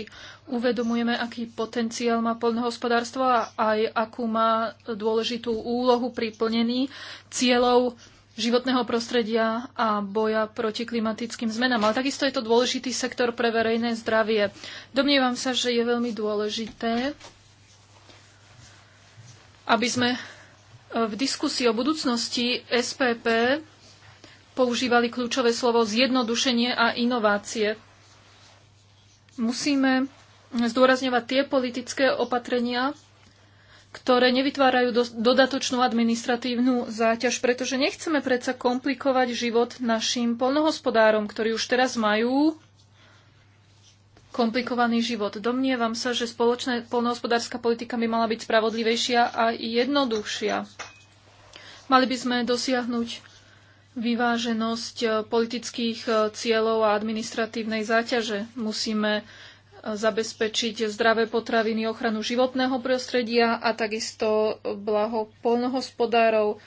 uvedomujeme, aký potenciál má poľnohospodárstvo a aj akú má dôležitú úlohu pri plnení cieľov životného prostredia a boja proti klimatickým zmenám. Ale takisto je to dôležitý sektor pre verejné zdravie. Domnievam sa, že je veľmi dôležité, aby sme e, v diskusii o budúcnosti SPP používali kľúčové slovo zjednodušenie a inovácie. Musíme zdôrazňovať tie politické opatrenia, ktoré nevytvárajú do, dodatočnú administratívnu záťaž, pretože nechceme predsa komplikovať život našim polnohospodárom, ktorí už teraz majú komplikovaný život. Domnievam sa, že spoločná polnohospodárska politika by mala byť spravodlivejšia a jednoduchšia. Mali by sme dosiahnuť vyváženosť eh, politických eh, cieľov a administratívnej záťaže. Musíme zabezpečiť zdravé potraviny, ochranu životného prostredia a takisto blaho polnohospodárov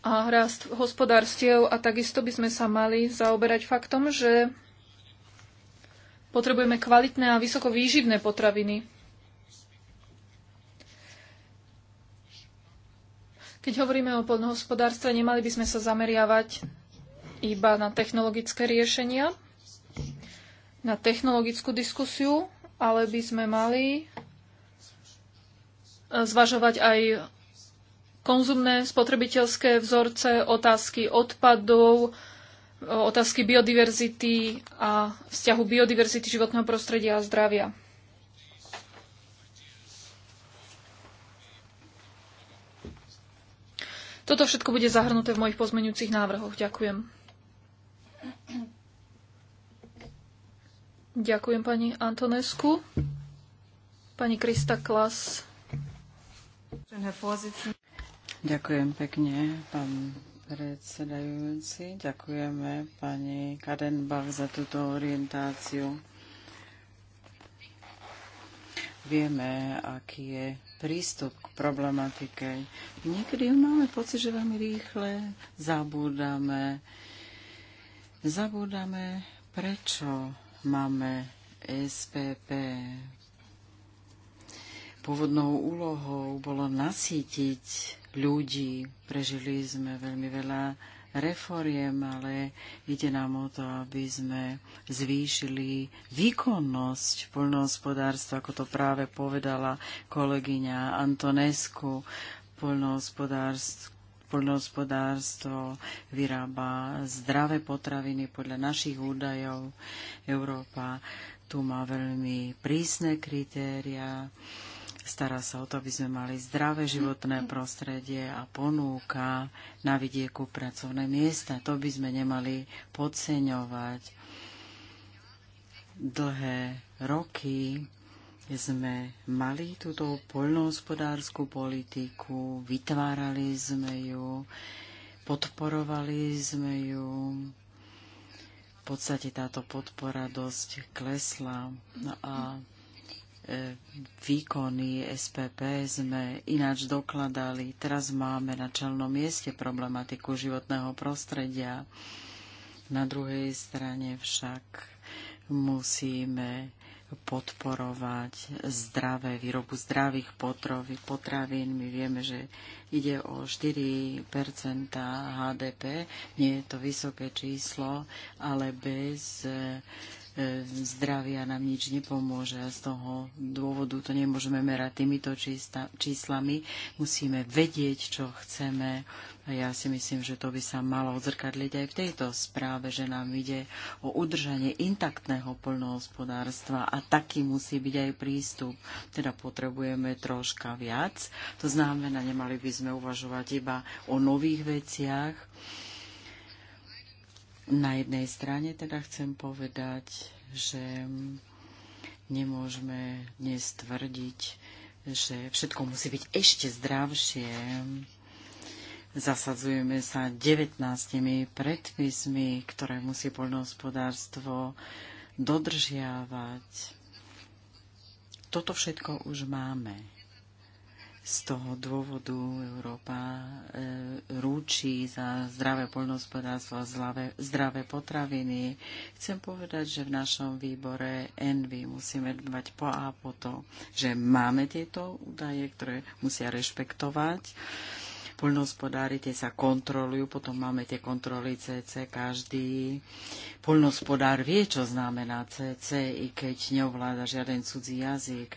a rast hospodárstiev. A takisto by sme sa mali zaoberať faktom, že potrebujeme kvalitné a vysoko výživné potraviny. Keď hovoríme o poľnohospodárstve, nemali by sme sa zameriavať iba na technologické riešenia, na technologickú diskusiu, ale by sme mali e, zvažovať aj konzumné spotrebiteľské vzorce, otázky odpadov, e, otázky biodiverzity a vzťahu biodiverzity životného prostredia a zdravia. Toto všetko bude zahrnuté v mojich pozmeňujúcich návrhoch. Ďakujem. Ďakujem pani Antonesku. Pani Krista Klas. Ďakujem pekne, pán predsedajúci. Ďakujeme pani Kadenbach za túto orientáciu. Vieme, aký je prístup k problematike. Niekedy máme pocit, že veľmi rýchle zabúdame. Zabúdame, prečo máme SPP. Pôvodnou úlohou bolo nasítiť ľudí. Prežili sme veľmi veľa reforiem, ale ide nám o to, aby sme zvýšili výkonnosť poľnohospodárstva, ako to práve povedala kolegyňa Antonesku. Poľnohospodárstvo poľnohospodárstvo vyrába zdravé potraviny podľa našich údajov. Európa tu má veľmi prísne kritéria, stará sa o to, aby sme mali zdravé životné prostredie a ponúka na vidieku pracovné miesta. To by sme nemali podceňovať. Dlhé roky sme mali túto poľnohospodárskú politiku, vytvárali sme ju, podporovali sme ju. V podstate táto podpora dosť klesla no a e, výkony SPP sme ináč dokladali. Teraz máme na čelnom mieste problematiku životného prostredia. Na druhej strane však musíme podporovať zdravé výrobu zdravých potravín. My vieme, že ide o 4 HDP. Nie je to vysoké číslo, ale bez e, zdravia nám nič nepomôže a z toho dôvodu to nemôžeme merať týmito čísla, číslami. Musíme vedieť, čo chceme a ja si myslím, že to by sa malo odzrkadliť aj v tejto správe, že nám ide o udržanie intaktného poľnohospodárstva a taký musí byť aj prístup. Teda potrebujeme troška viac. To znamená, nemali by sme uvažovať iba o nových veciach. Na jednej strane teda chcem povedať, že nemôžeme dnes tvrdiť, že všetko musí byť ešte zdravšie Zasadzujeme sa 19 predpismi, ktoré musí poľnohospodárstvo dodržiavať. Toto všetko už máme. Z toho dôvodu Európa e, rúči za zdravé poľnohospodárstvo a zdravé, zdravé potraviny. Chcem povedať, že v našom výbore Envy musíme dbať po a po to, že máme tieto údaje, ktoré musia rešpektovať poľnohospodári, tie sa kontrolujú, potom máme tie kontroly CC, každý poľnohospodár vie, čo znamená CC, i keď neovláda žiaden cudzí jazyk.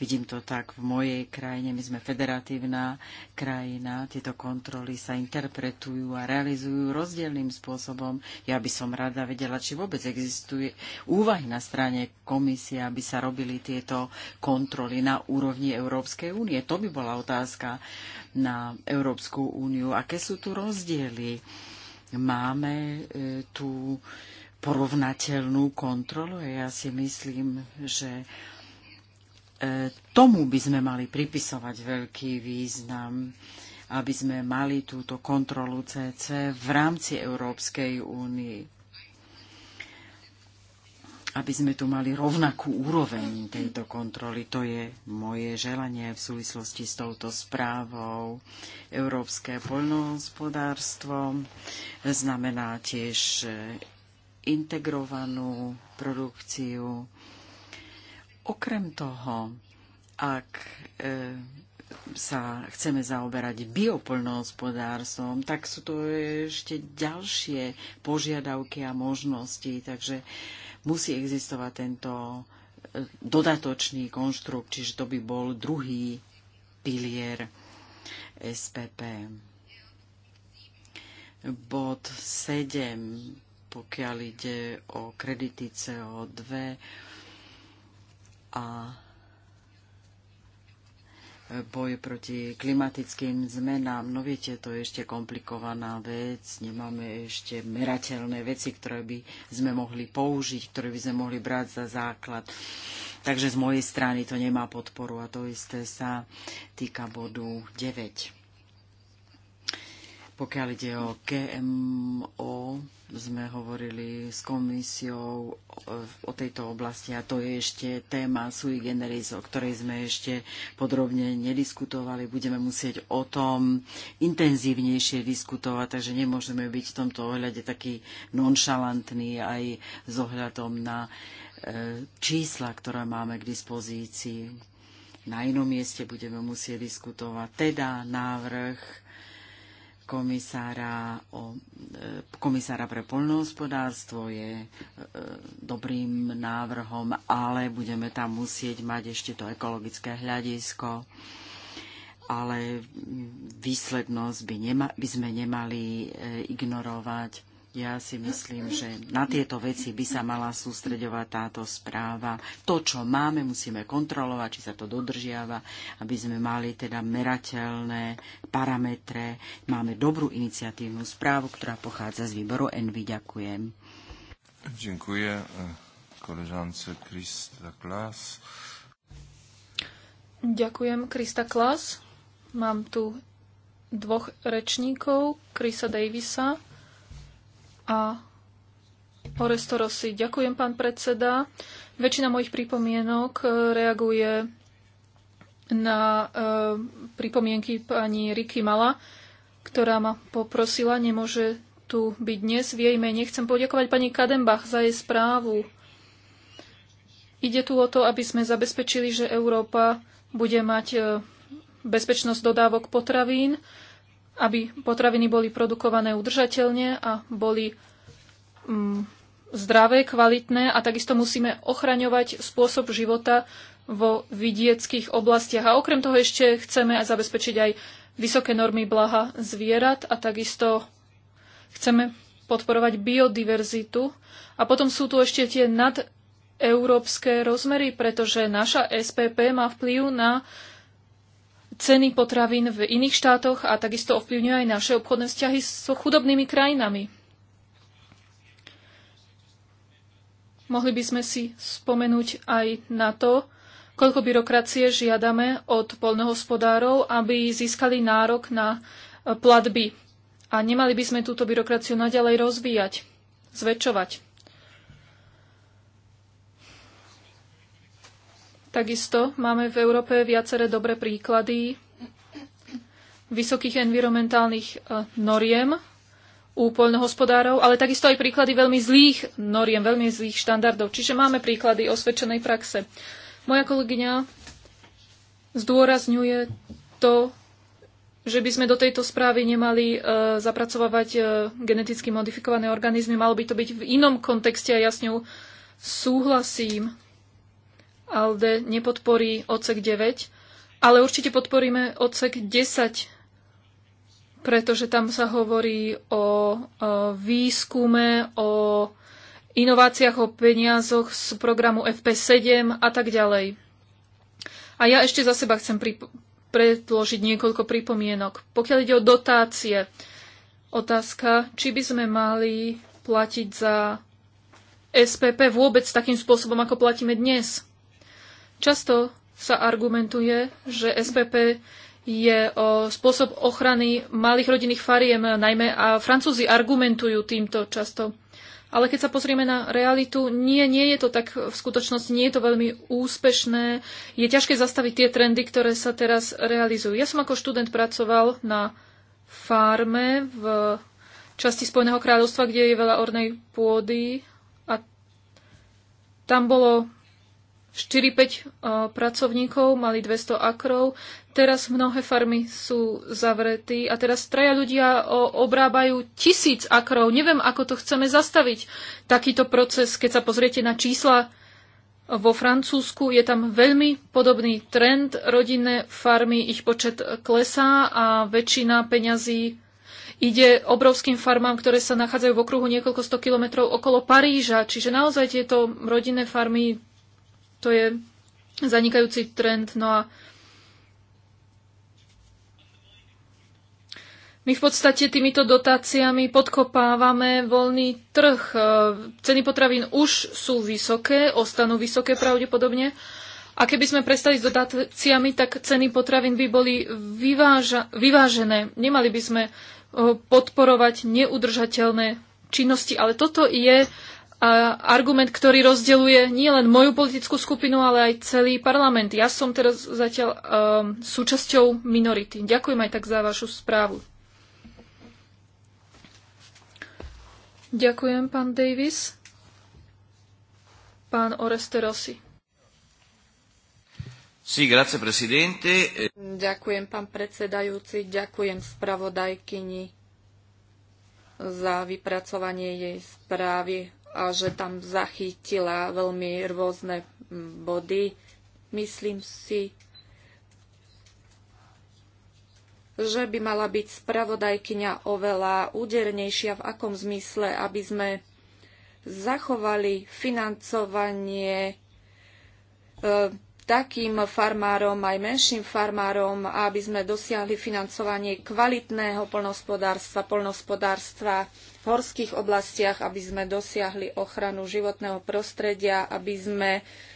Vidím to tak v mojej krajine, my sme federatívna krajina, tieto kontroly sa interpretujú a realizujú rozdielným spôsobom. Ja by som rada vedela, či vôbec existuje úvahy na strane komisie, aby sa robili tieto kontroly na úrovni Európskej únie. To by bola otázka na Európsku úniu. Aké sú tu rozdiely? Máme e, tu porovnateľnú kontrolu. Ja si myslím, že E, tomu by sme mali pripisovať veľký význam, aby sme mali túto kontrolu CC v rámci Európskej únie. Aby sme tu mali rovnakú úroveň tejto kontroly. To je moje želanie v súvislosti s touto správou. Európske poľnohospodárstvo znamená tiež integrovanú produkciu Okrem toho, ak e, sa chceme zaoberať biopolnohospodárstvom, tak sú to ešte ďalšie požiadavky a možnosti, takže musí existovať tento e, dodatočný konštrukt, čiže to by bol druhý pilier SPP. Bod 7, pokiaľ ide o kredity CO2, a boj proti klimatickým zmenám. No viete, to je ešte komplikovaná vec. Nemáme ešte merateľné veci, ktoré by sme mohli použiť, ktoré by sme mohli brať za základ. Takže z mojej strany to nemá podporu a to isté sa týka bodu 9. Pokiaľ ide o GMO, sme hovorili s komisiou eh, o tejto oblasti a to je ešte téma sui generis, o ktorej sme ešte podrobne nediskutovali. Budeme musieť o tom intenzívnejšie diskutovať, takže nemôžeme byť v tomto ohľade taký nonšalantný aj s ohľadom na eh, čísla, ktoré máme k dispozícii. Na inom mieste budeme musieť diskutovať. Teda návrh komisára, o, e, komisára pre poľnohospodárstvo je e, dobrým návrhom, ale budeme tam musieť mať ešte to ekologické hľadisko ale výslednosť by, nema, by sme nemali e, ignorovať. Ja si myslím, že na tieto veci by sa mala sústreďovať táto správa. To, čo máme, musíme kontrolovať, či sa to dodržiava, aby sme mali teda merateľné parametre. Máme dobrú iniciatívnu správu, ktorá pochádza z výboru Envy. Ďakujem. Ďakujem koležance Krista Klas. Ďakujem, Krista Klas. Mám tu dvoch rečníkov, Krisa Davisa a Oresto Rossi. Ďakujem, pán predseda. Väčšina mojich pripomienok e, reaguje na e, pripomienky pani Riky Mala, ktorá ma poprosila, nemôže tu byť dnes. V jej mene chcem poďakovať pani Kadenbach za jej správu. Ide tu o to, aby sme zabezpečili, že Európa bude mať e, bezpečnosť dodávok potravín aby potraviny boli produkované udržateľne a boli mm, zdravé, kvalitné a takisto musíme ochraňovať spôsob života vo vidieckých oblastiach. A okrem toho ešte chceme aj zabezpečiť aj vysoké normy blaha zvierat a takisto chceme podporovať biodiverzitu. A potom sú tu ešte tie nadeurópske rozmery, pretože naša SPP má vplyv na ceny potravín v iných štátoch a takisto ovplyvňuje aj naše obchodné vzťahy s chudobnými krajinami. Mohli by sme si spomenúť aj na to, koľko byrokracie žiadame od polnohospodárov, aby získali nárok na e, platby. A nemali by sme túto byrokraciu naďalej rozvíjať, zväčšovať. Takisto máme v Európe viaceré dobré príklady vysokých environmentálnych e, noriem u poľnohospodárov, ale takisto aj príklady veľmi zlých noriem, veľmi zlých štandardov. Čiže máme príklady osvedčenej praxe. Moja kolegyňa zdôrazňuje to, že by sme do tejto správy nemali uh, zapracovávať uh, geneticky modifikované organizmy. Malo by to byť v inom kontexte a ja s ňou súhlasím. ALDE nepodporí odsek 9, ale určite podporíme odsek 10, pretože tam sa hovorí o, výskume, o inováciách, o peniazoch z programu FP7 a tak ďalej. A ja ešte za seba chcem predložiť niekoľko pripomienok. Pokiaľ ide o dotácie, otázka, či by sme mali platiť za SPP vôbec takým spôsobom, ako platíme dnes. Často sa argumentuje, že SPP je o spôsob ochrany malých rodinných fariem, najmä a Francúzi argumentujú týmto často. Ale keď sa pozrieme na realitu, nie, nie je to tak v skutočnosti, nie je to veľmi úspešné. Je ťažké zastaviť tie trendy, ktoré sa teraz realizujú. Ja som ako študent pracoval na farme v časti Spojeného kráľovstva, kde je veľa ornej pôdy a tam bolo 4-5 e, pracovníkov, mali 200 akrov. Teraz mnohé farmy sú zavretí a teraz traja ľudia e, obrábajú tisíc akrov. Neviem, ako to chceme zastaviť. Takýto proces, keď sa pozriete na čísla e, vo Francúzsku, je tam veľmi podobný trend. Rodinné farmy, ich počet klesá a väčšina peňazí ide obrovským farmám, ktoré sa nachádzajú v okruhu niekoľko sto kilometrov okolo Paríža. Čiže naozaj tieto rodinné farmy to je zanikajúci trend. No a My v podstate týmito dotáciami podkopávame voľný trh. E, ceny potravín už sú vysoké, ostanú vysoké pravdepodobne. A keby sme prestali s dotáciami, tak ceny potravín by boli vyváža- vyvážené. Nemali by sme e, podporovať neudržateľné činnosti. Ale toto je argument, ktorý rozdeluje nielen moju politickú skupinu, ale aj celý parlament. Ja som teraz zatiaľ um, súčasťou minority. Ďakujem aj tak za vašu správu. Ďakujem, pán Davis. Pán Oreste Rossi. Sí, grazie, presidente. Ďakujem, pán predsedajúci. Ďakujem spravodajkyni za vypracovanie jej správy a že tam zachytila veľmi rôzne mm, body. Myslím si, že by mala byť spravodajkyňa oveľa údernejšia v akom zmysle, aby sme zachovali financovanie e, takým farmárom, aj menším farmárom, aby sme dosiahli financovanie kvalitného polnospodárstva, polnospodárstva horských oblastiach, aby sme dosiahli ochranu životného prostredia, aby sme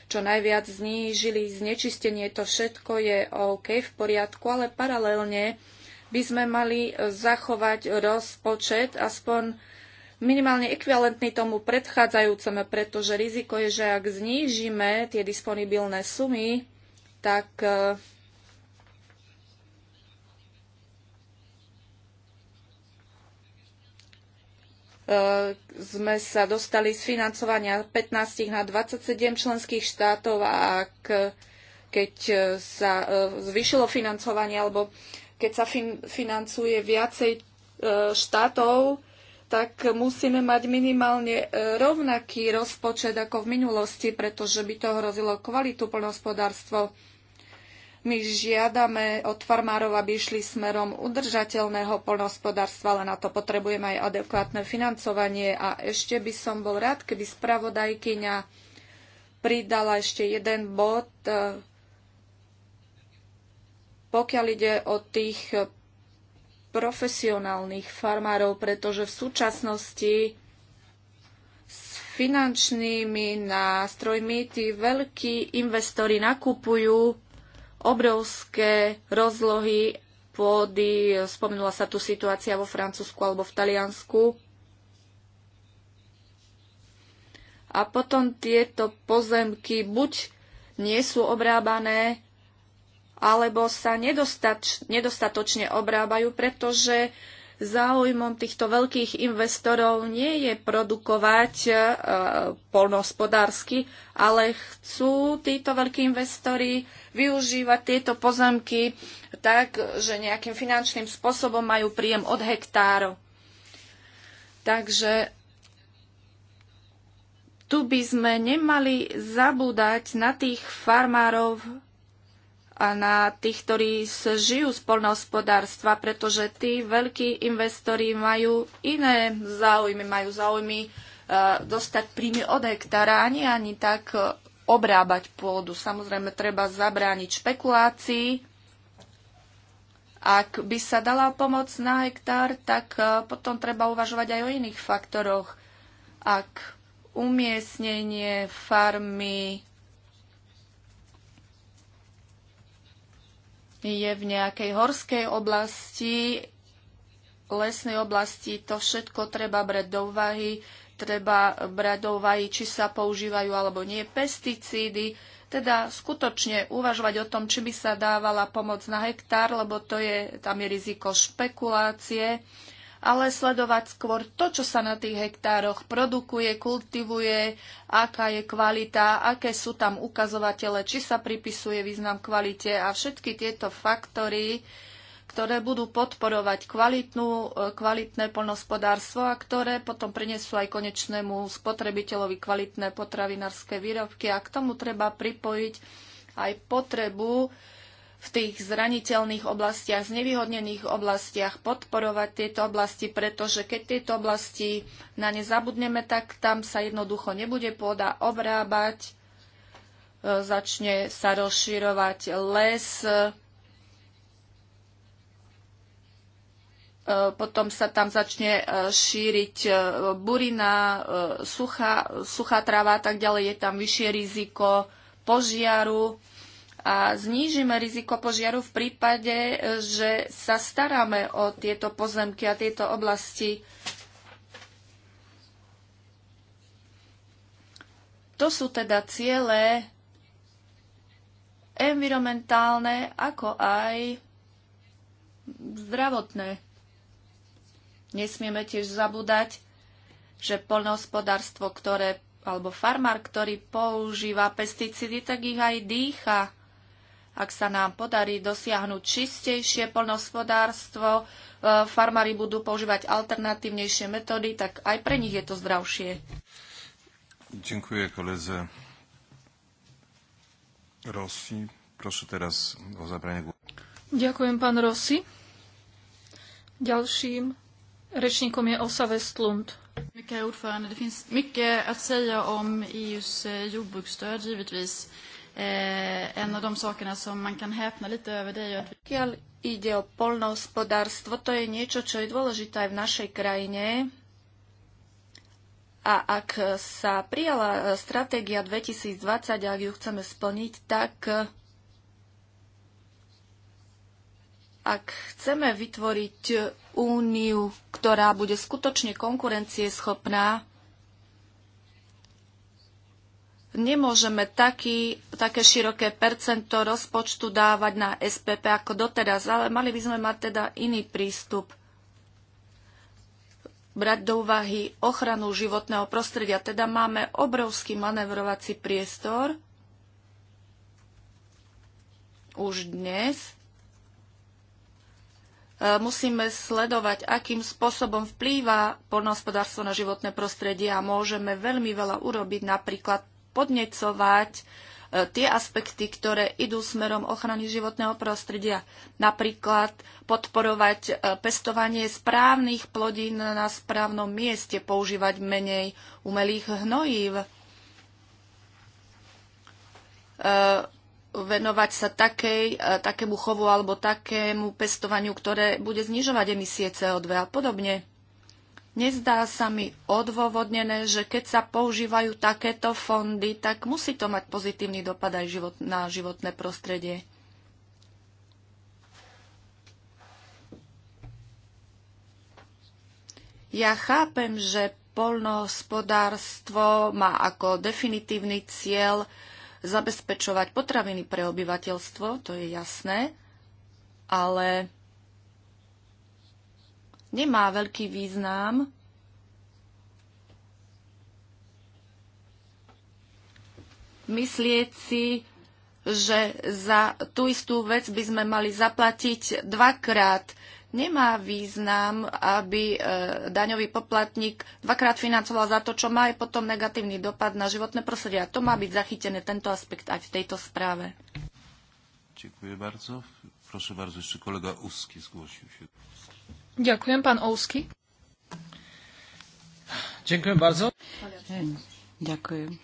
čo najviac znížili znečistenie. To všetko je OK, v poriadku, ale paralelne by sme mali zachovať rozpočet aspoň minimálne ekvivalentný tomu predchádzajúcemu, pretože riziko je, že ak znížime tie disponibilné sumy, tak eh, E, sme sa dostali z financovania 15 na 27 členských štátov a ak, keď e, sa e, zvyšilo financovanie alebo keď sa fin- financuje viacej štátov, tak musíme mať minimálne rovnaký rozpočet ako v minulosti, pretože by to hrozilo kvalitu plnohospodárstvo. My žiadame od farmárov, aby išli smerom udržateľného poľnohospodárstva, ale na to potrebujeme aj adekvátne financovanie. A ešte by som bol rád, keby spravodajkyňa pridala ešte jeden bod, pokiaľ ide o tých profesionálnych farmárov, pretože v súčasnosti s finančnými nástrojmi tí veľkí investori nakupujú obrovské rozlohy pôdy. Spomenula sa tu situácia vo Francúzsku alebo v Taliansku. A potom tieto pozemky buď nie sú obrábané, alebo sa nedostatočne obrábajú, pretože Záujmom týchto veľkých investorov nie je produkovať e, polnohospodársky, ale chcú títo veľkí investori využívať tieto pozemky tak, že nejakým finančným spôsobom majú príjem od hektárov. Takže tu by sme nemali zabúdať na tých farmárov a na tých, ktorí žijú z polnohospodárstva, pretože tí veľkí investori majú iné záujmy, majú záujmy e, dostať príjmy od hektára, ani ani tak e, obrábať pôdu. Samozrejme, treba zabrániť špekulácii. Ak by sa dala pomoc na hektár, tak e, potom treba uvažovať aj o iných faktoroch. Ak umiestnenie farmy je v nejakej horskej oblasti, lesnej oblasti, to všetko treba brať do úvahy, treba brať do úvahy, či sa používajú alebo nie pesticídy, teda skutočne uvažovať o tom, či by sa dávala pomoc na hektár, lebo to je, tam je riziko špekulácie ale sledovať skôr to, čo sa na tých hektároch produkuje, kultivuje, aká je kvalita, aké sú tam ukazovatele, či sa pripisuje význam kvalite a všetky tieto faktory, ktoré budú podporovať kvalitnú, e, kvalitné poľnospodárstvo, a ktoré potom prinesú aj konečnému spotrebiteľovi kvalitné potravinárske výrobky. A k tomu treba pripojiť aj potrebu v tých zraniteľných oblastiach, znevýhodnených oblastiach, podporovať tieto oblasti, pretože keď tieto oblasti na ne zabudneme, tak tam sa jednoducho nebude pôda obrábať, e, začne sa rozširovať les, e, potom sa tam začne e, šíriť burina, suchá, suchá tráva a tak ďalej, je tam vyššie riziko požiaru a znížime riziko požiaru v prípade, že sa staráme o tieto pozemky a tieto oblasti. To sú teda ciele environmentálne, ako aj zdravotné. Nesmieme tiež zabúdať, že poľnohospodárstvo, ktoré alebo farmár, ktorý používa pesticídy, tak ich aj dýcha ak sa nám podarí dosiahnuť čistejšie poľnohospodárstvo, e, farmári budú používať alternatívnejšie metódy, tak aj pre nich je to zdravšie. Ďakujem koleze Rossi. Prosím teraz o zabranie. Ďakujem, pán Rossi. Ďalším rečníkom je Osa Westlund. Mycket ordförande, det finns mycket att säga om EUs eh, jordbruksstöd givetvis. Eh, en av de sakerna som man kan häpna lite över det är att... Pokiaľ ide o polnohospodárstvo, to je niečo, čo je dôležité aj v našej krajine. A ak sa prijala eh, stratégia 2020, ak ju chceme splniť, tak eh, ak chceme vytvoriť úniu, ktorá bude skutočne konkurencieschopná, nemôžeme taký, také široké percento rozpočtu dávať na SPP ako doteraz, ale mali by sme mať teda iný prístup. Brať do úvahy ochranu životného prostredia. Teda máme obrovský manevrovací priestor už dnes. E, musíme sledovať, akým spôsobom vplýva poľnohospodárstvo na životné prostredie a môžeme veľmi veľa urobiť napríklad podnecovať e, tie aspekty, ktoré idú smerom ochrany životného prostredia. Napríklad podporovať e, pestovanie správnych plodín na správnom mieste, používať menej umelých hnojív, e, venovať sa takej, takému chovu alebo takému pestovaniu, ktoré bude znižovať emisie CO2 a podobne. Nezdá sa mi odôvodnené, že keď sa používajú takéto fondy, tak musí to mať pozitívny dopad aj život, na životné prostredie. Ja chápem, že polnohospodárstvo má ako definitívny cieľ zabezpečovať potraviny pre obyvateľstvo, to je jasné, ale nemá veľký význam. Myslieť si, že za tú istú vec by sme mali zaplatiť dvakrát. Nemá význam, aby e, daňový poplatník dvakrát financoval za to, čo má aj potom negatívny dopad na životné prostredie. A to má byť zachytené tento aspekt aj v tejto správe. Ďakujem bardzo. Proszę bardzo, ešte kolega Uski zgłosił się. Ďakujem, pán Ousky. Ďakujem bardzo. Ďakujem.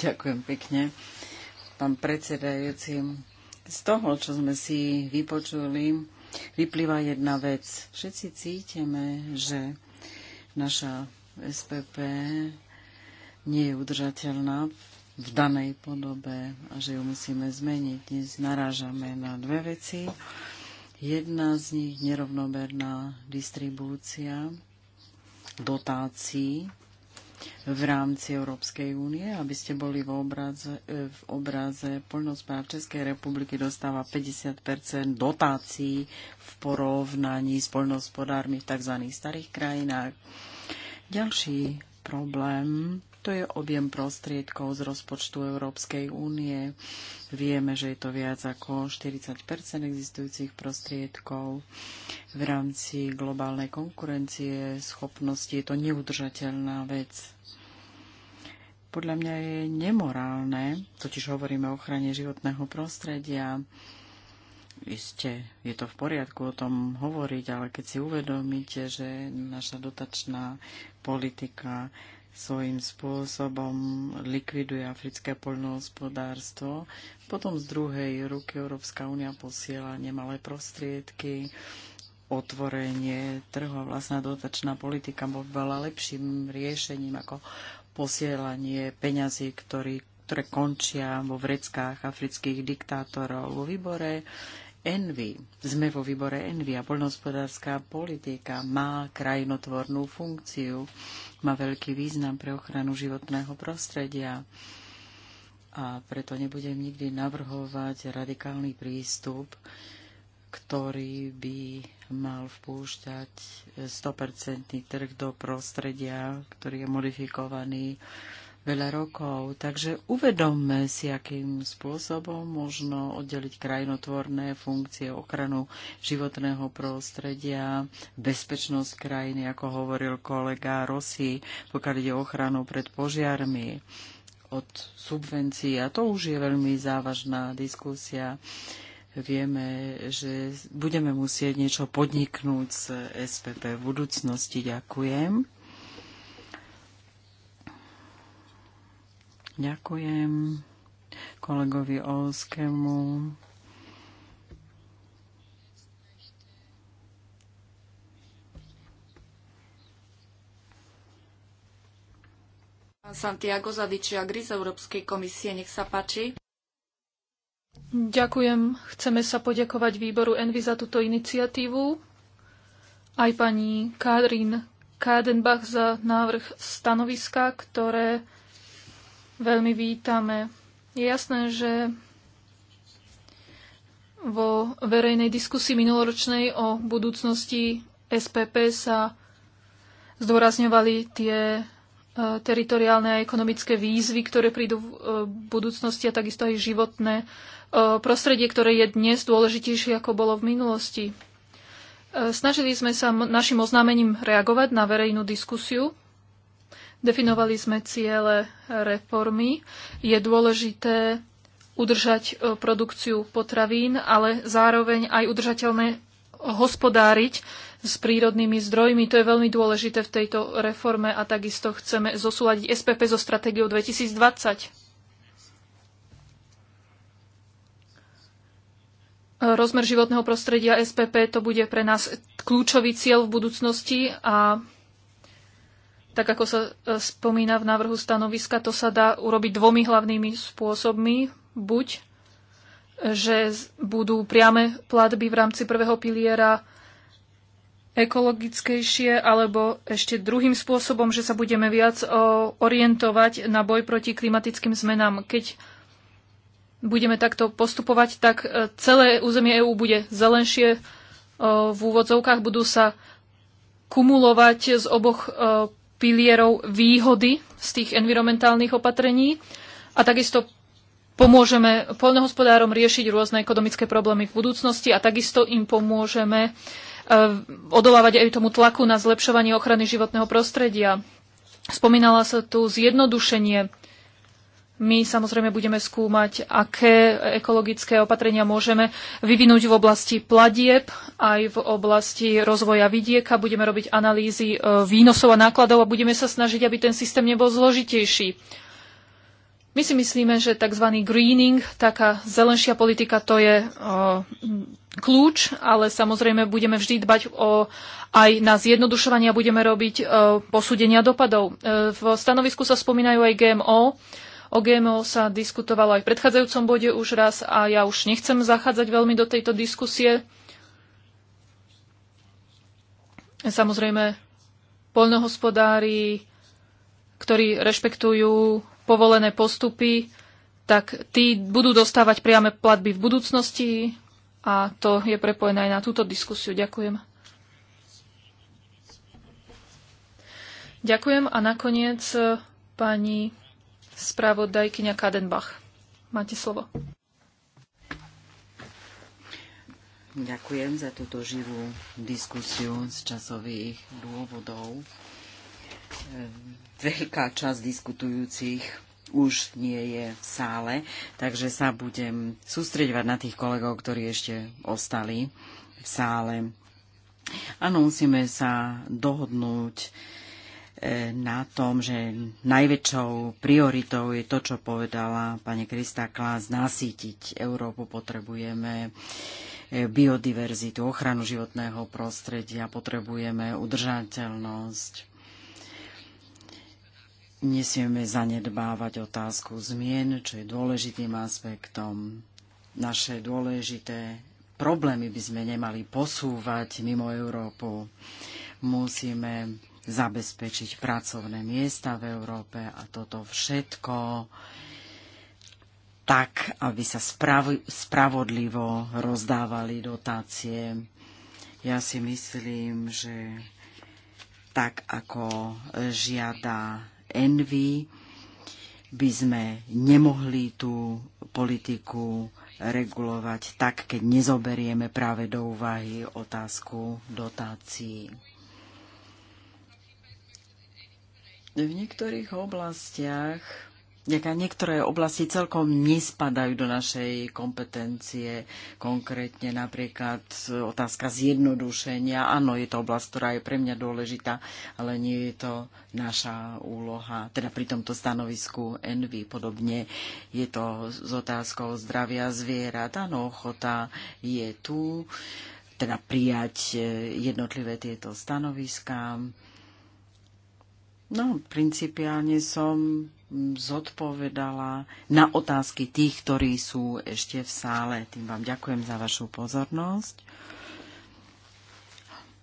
Ďakujem pekne, pán predsedajúci. Z toho, čo sme si vypočuli, vyplýva jedna vec. Všetci cítime, že naša SPP nie je udržateľná v v danej podobe a že ju musíme zmeniť. Dnes narážame na dve veci. Jedna z nich nerovnomerná distribúcia dotácií v rámci Európskej únie. Aby ste boli v obraze, v obraze poľnohospodár Českej republiky dostáva 50 dotácií v porovnaní s polnospodármi v tzv. starých krajinách. Ďalší problém to je objem prostriedkov z rozpočtu Európskej únie. Vieme, že je to viac ako 40 existujúcich prostriedkov. V rámci globálnej konkurencie schopnosti je to neudržateľná vec. Podľa mňa je nemorálne, totiž hovoríme o ochrane životného prostredia, Isté, je to v poriadku o tom hovoriť, ale keď si uvedomíte, že naša dotačná politika svojím spôsobom likviduje africké poľnohospodárstvo. Potom z druhej ruky Európska únia posiela nemalé prostriedky, otvorenie trhu a vlastná dotačná politika bol veľa lepším riešením ako posielanie peňazí, ktorý, ktoré končia vo vreckách afrických diktátorov. Vo výbore Envy. Sme vo výbore Envy a poľnohospodárska politika má krajinotvornú funkciu, má veľký význam pre ochranu životného prostredia a preto nebudem nikdy navrhovať radikálny prístup, ktorý by mal vpúšťať 100% trh do prostredia, ktorý je modifikovaný veľa rokov. Takže uvedomme si, akým spôsobom možno oddeliť krajinotvorné funkcie, ochranu životného prostredia, bezpečnosť krajiny, ako hovoril kolega Rossi, pokiaľ ide o ochranu pred požiarmi od subvencií. A to už je veľmi závažná diskusia. Vieme, že budeme musieť niečo podniknúť z SPP v budúcnosti. Ďakujem. Ďakujem kolegovi Olskému. Santiago Zadiči Agri Európskej komisie. Nech sa páči. Ďakujem. Chceme sa poďakovať výboru Envy za túto iniciatívu. Aj pani Karin Kádenbach za návrh stanoviska, ktoré veľmi vítame. Je jasné, že vo verejnej diskusii minuloročnej o budúcnosti SPP sa zdôrazňovali tie e, teritoriálne a ekonomické výzvy, ktoré prídu v e, budúcnosti a takisto aj životné e, prostredie, ktoré je dnes dôležitejšie, ako bolo v minulosti. Snažili sme sa našim oznámením reagovať na verejnú diskusiu Definovali sme ciele reformy. Je dôležité udržať e, produkciu potravín, ale zároveň aj udržateľné hospodáriť s prírodnými zdrojmi. To je veľmi dôležité v tejto reforme a takisto chceme zosúľadiť SPP so stratégiou 2020. Rozmer životného prostredia SPP to bude pre nás kľúčový cieľ v budúcnosti a tak ako sa e, spomína v návrhu stanoviska, to sa dá urobiť dvomi hlavnými spôsobmi. Buď, že budú priame platby v rámci prvého piliera ekologickejšie, alebo ešte druhým spôsobom, že sa budeme viac e, orientovať na boj proti klimatickým zmenám. Keď budeme takto postupovať, tak e, celé územie EÚ bude zelenšie. V úvodzovkách budú sa kumulovať z oboch pilierov výhody z tých environmentálnych opatrení a takisto pomôžeme poľnohospodárom riešiť rôzne ekonomické problémy v budúcnosti a takisto im pomôžeme e, odolávať aj tomu tlaku na zlepšovanie ochrany životného prostredia. Spomínala sa tu zjednodušenie my samozrejme budeme skúmať, aké ekologické opatrenia môžeme vyvinúť v oblasti pladieb, aj v oblasti rozvoja vidieka. Budeme robiť analýzy e, výnosov a nákladov a budeme sa snažiť, aby ten systém nebol zložitejší. My si myslíme, že tzv. greening, taká zelenšia politika, to je e, kľúč, ale samozrejme budeme vždy dbať o, aj na zjednodušovanie a budeme robiť e, posúdenia dopadov. v stanovisku sa spomínajú aj GMO. O GMO sa diskutovalo aj v predchádzajúcom bode už raz a ja už nechcem zachádzať veľmi do tejto diskusie. Samozrejme, poľnohospodári, ktorí rešpektujú povolené postupy, tak tí budú dostávať priame platby v budúcnosti a to je prepojené aj na túto diskusiu. Ďakujem. Ďakujem a nakoniec eh, pani spravodajkyňa Kadenbach. Máte slovo. Ďakujem za túto živú diskusiu z časových dôvodov. Ehm, veľká časť diskutujúcich už nie je v sále, takže sa budem sústreďovať na tých kolegov, ktorí ešte ostali v sále. Áno, musíme sa dohodnúť na tom, že najväčšou prioritou je to, čo povedala pani Krista Klás, nasítiť Európu potrebujeme eh, biodiverzitu, ochranu životného prostredia, potrebujeme udržateľnosť. Nesmieme zanedbávať otázku zmien, čo je dôležitým aspektom. Naše dôležité problémy by sme nemali posúvať mimo Európu. Musíme zabezpečiť pracovné miesta v Európe a toto všetko tak, aby sa sprav- spravodlivo rozdávali dotácie. Ja si myslím, že tak ako žiada Envy, by sme nemohli tú politiku regulovať tak, keď nezoberieme práve do úvahy otázku dotácií. V niektorých oblastiach Ďaká niektoré oblasti celkom nespadajú do našej kompetencie, konkrétne napríklad otázka zjednodušenia. Áno, je to oblasť, ktorá je pre mňa dôležitá, ale nie je to naša úloha. Teda pri tomto stanovisku Envy podobne je to s otázkou zdravia zvierat. Áno, ochota je tu, teda prijať eh, jednotlivé tieto stanoviská No, principiálne som zodpovedala na otázky tých, ktorí sú ešte v sále. Tým vám ďakujem za vašu pozornosť.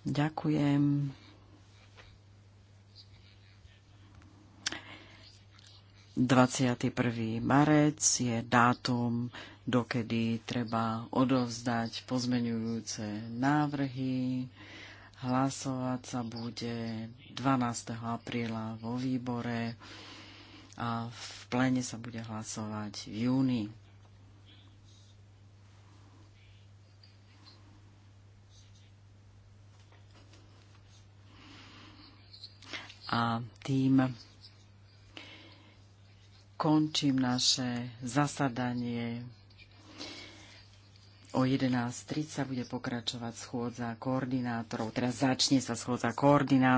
Ďakujem. Dvadsiaty marec je dátum, dokedy treba odovzdať pozmenujúce návrhy. Hlasovať sa bude 12. apríla vo výbore a v plene sa bude hlasovať v júni. A tým končím naše zasadanie O 11.30 bude pokračovať schôdza koordinátorov, teraz začne sa schôdza koordinátorov.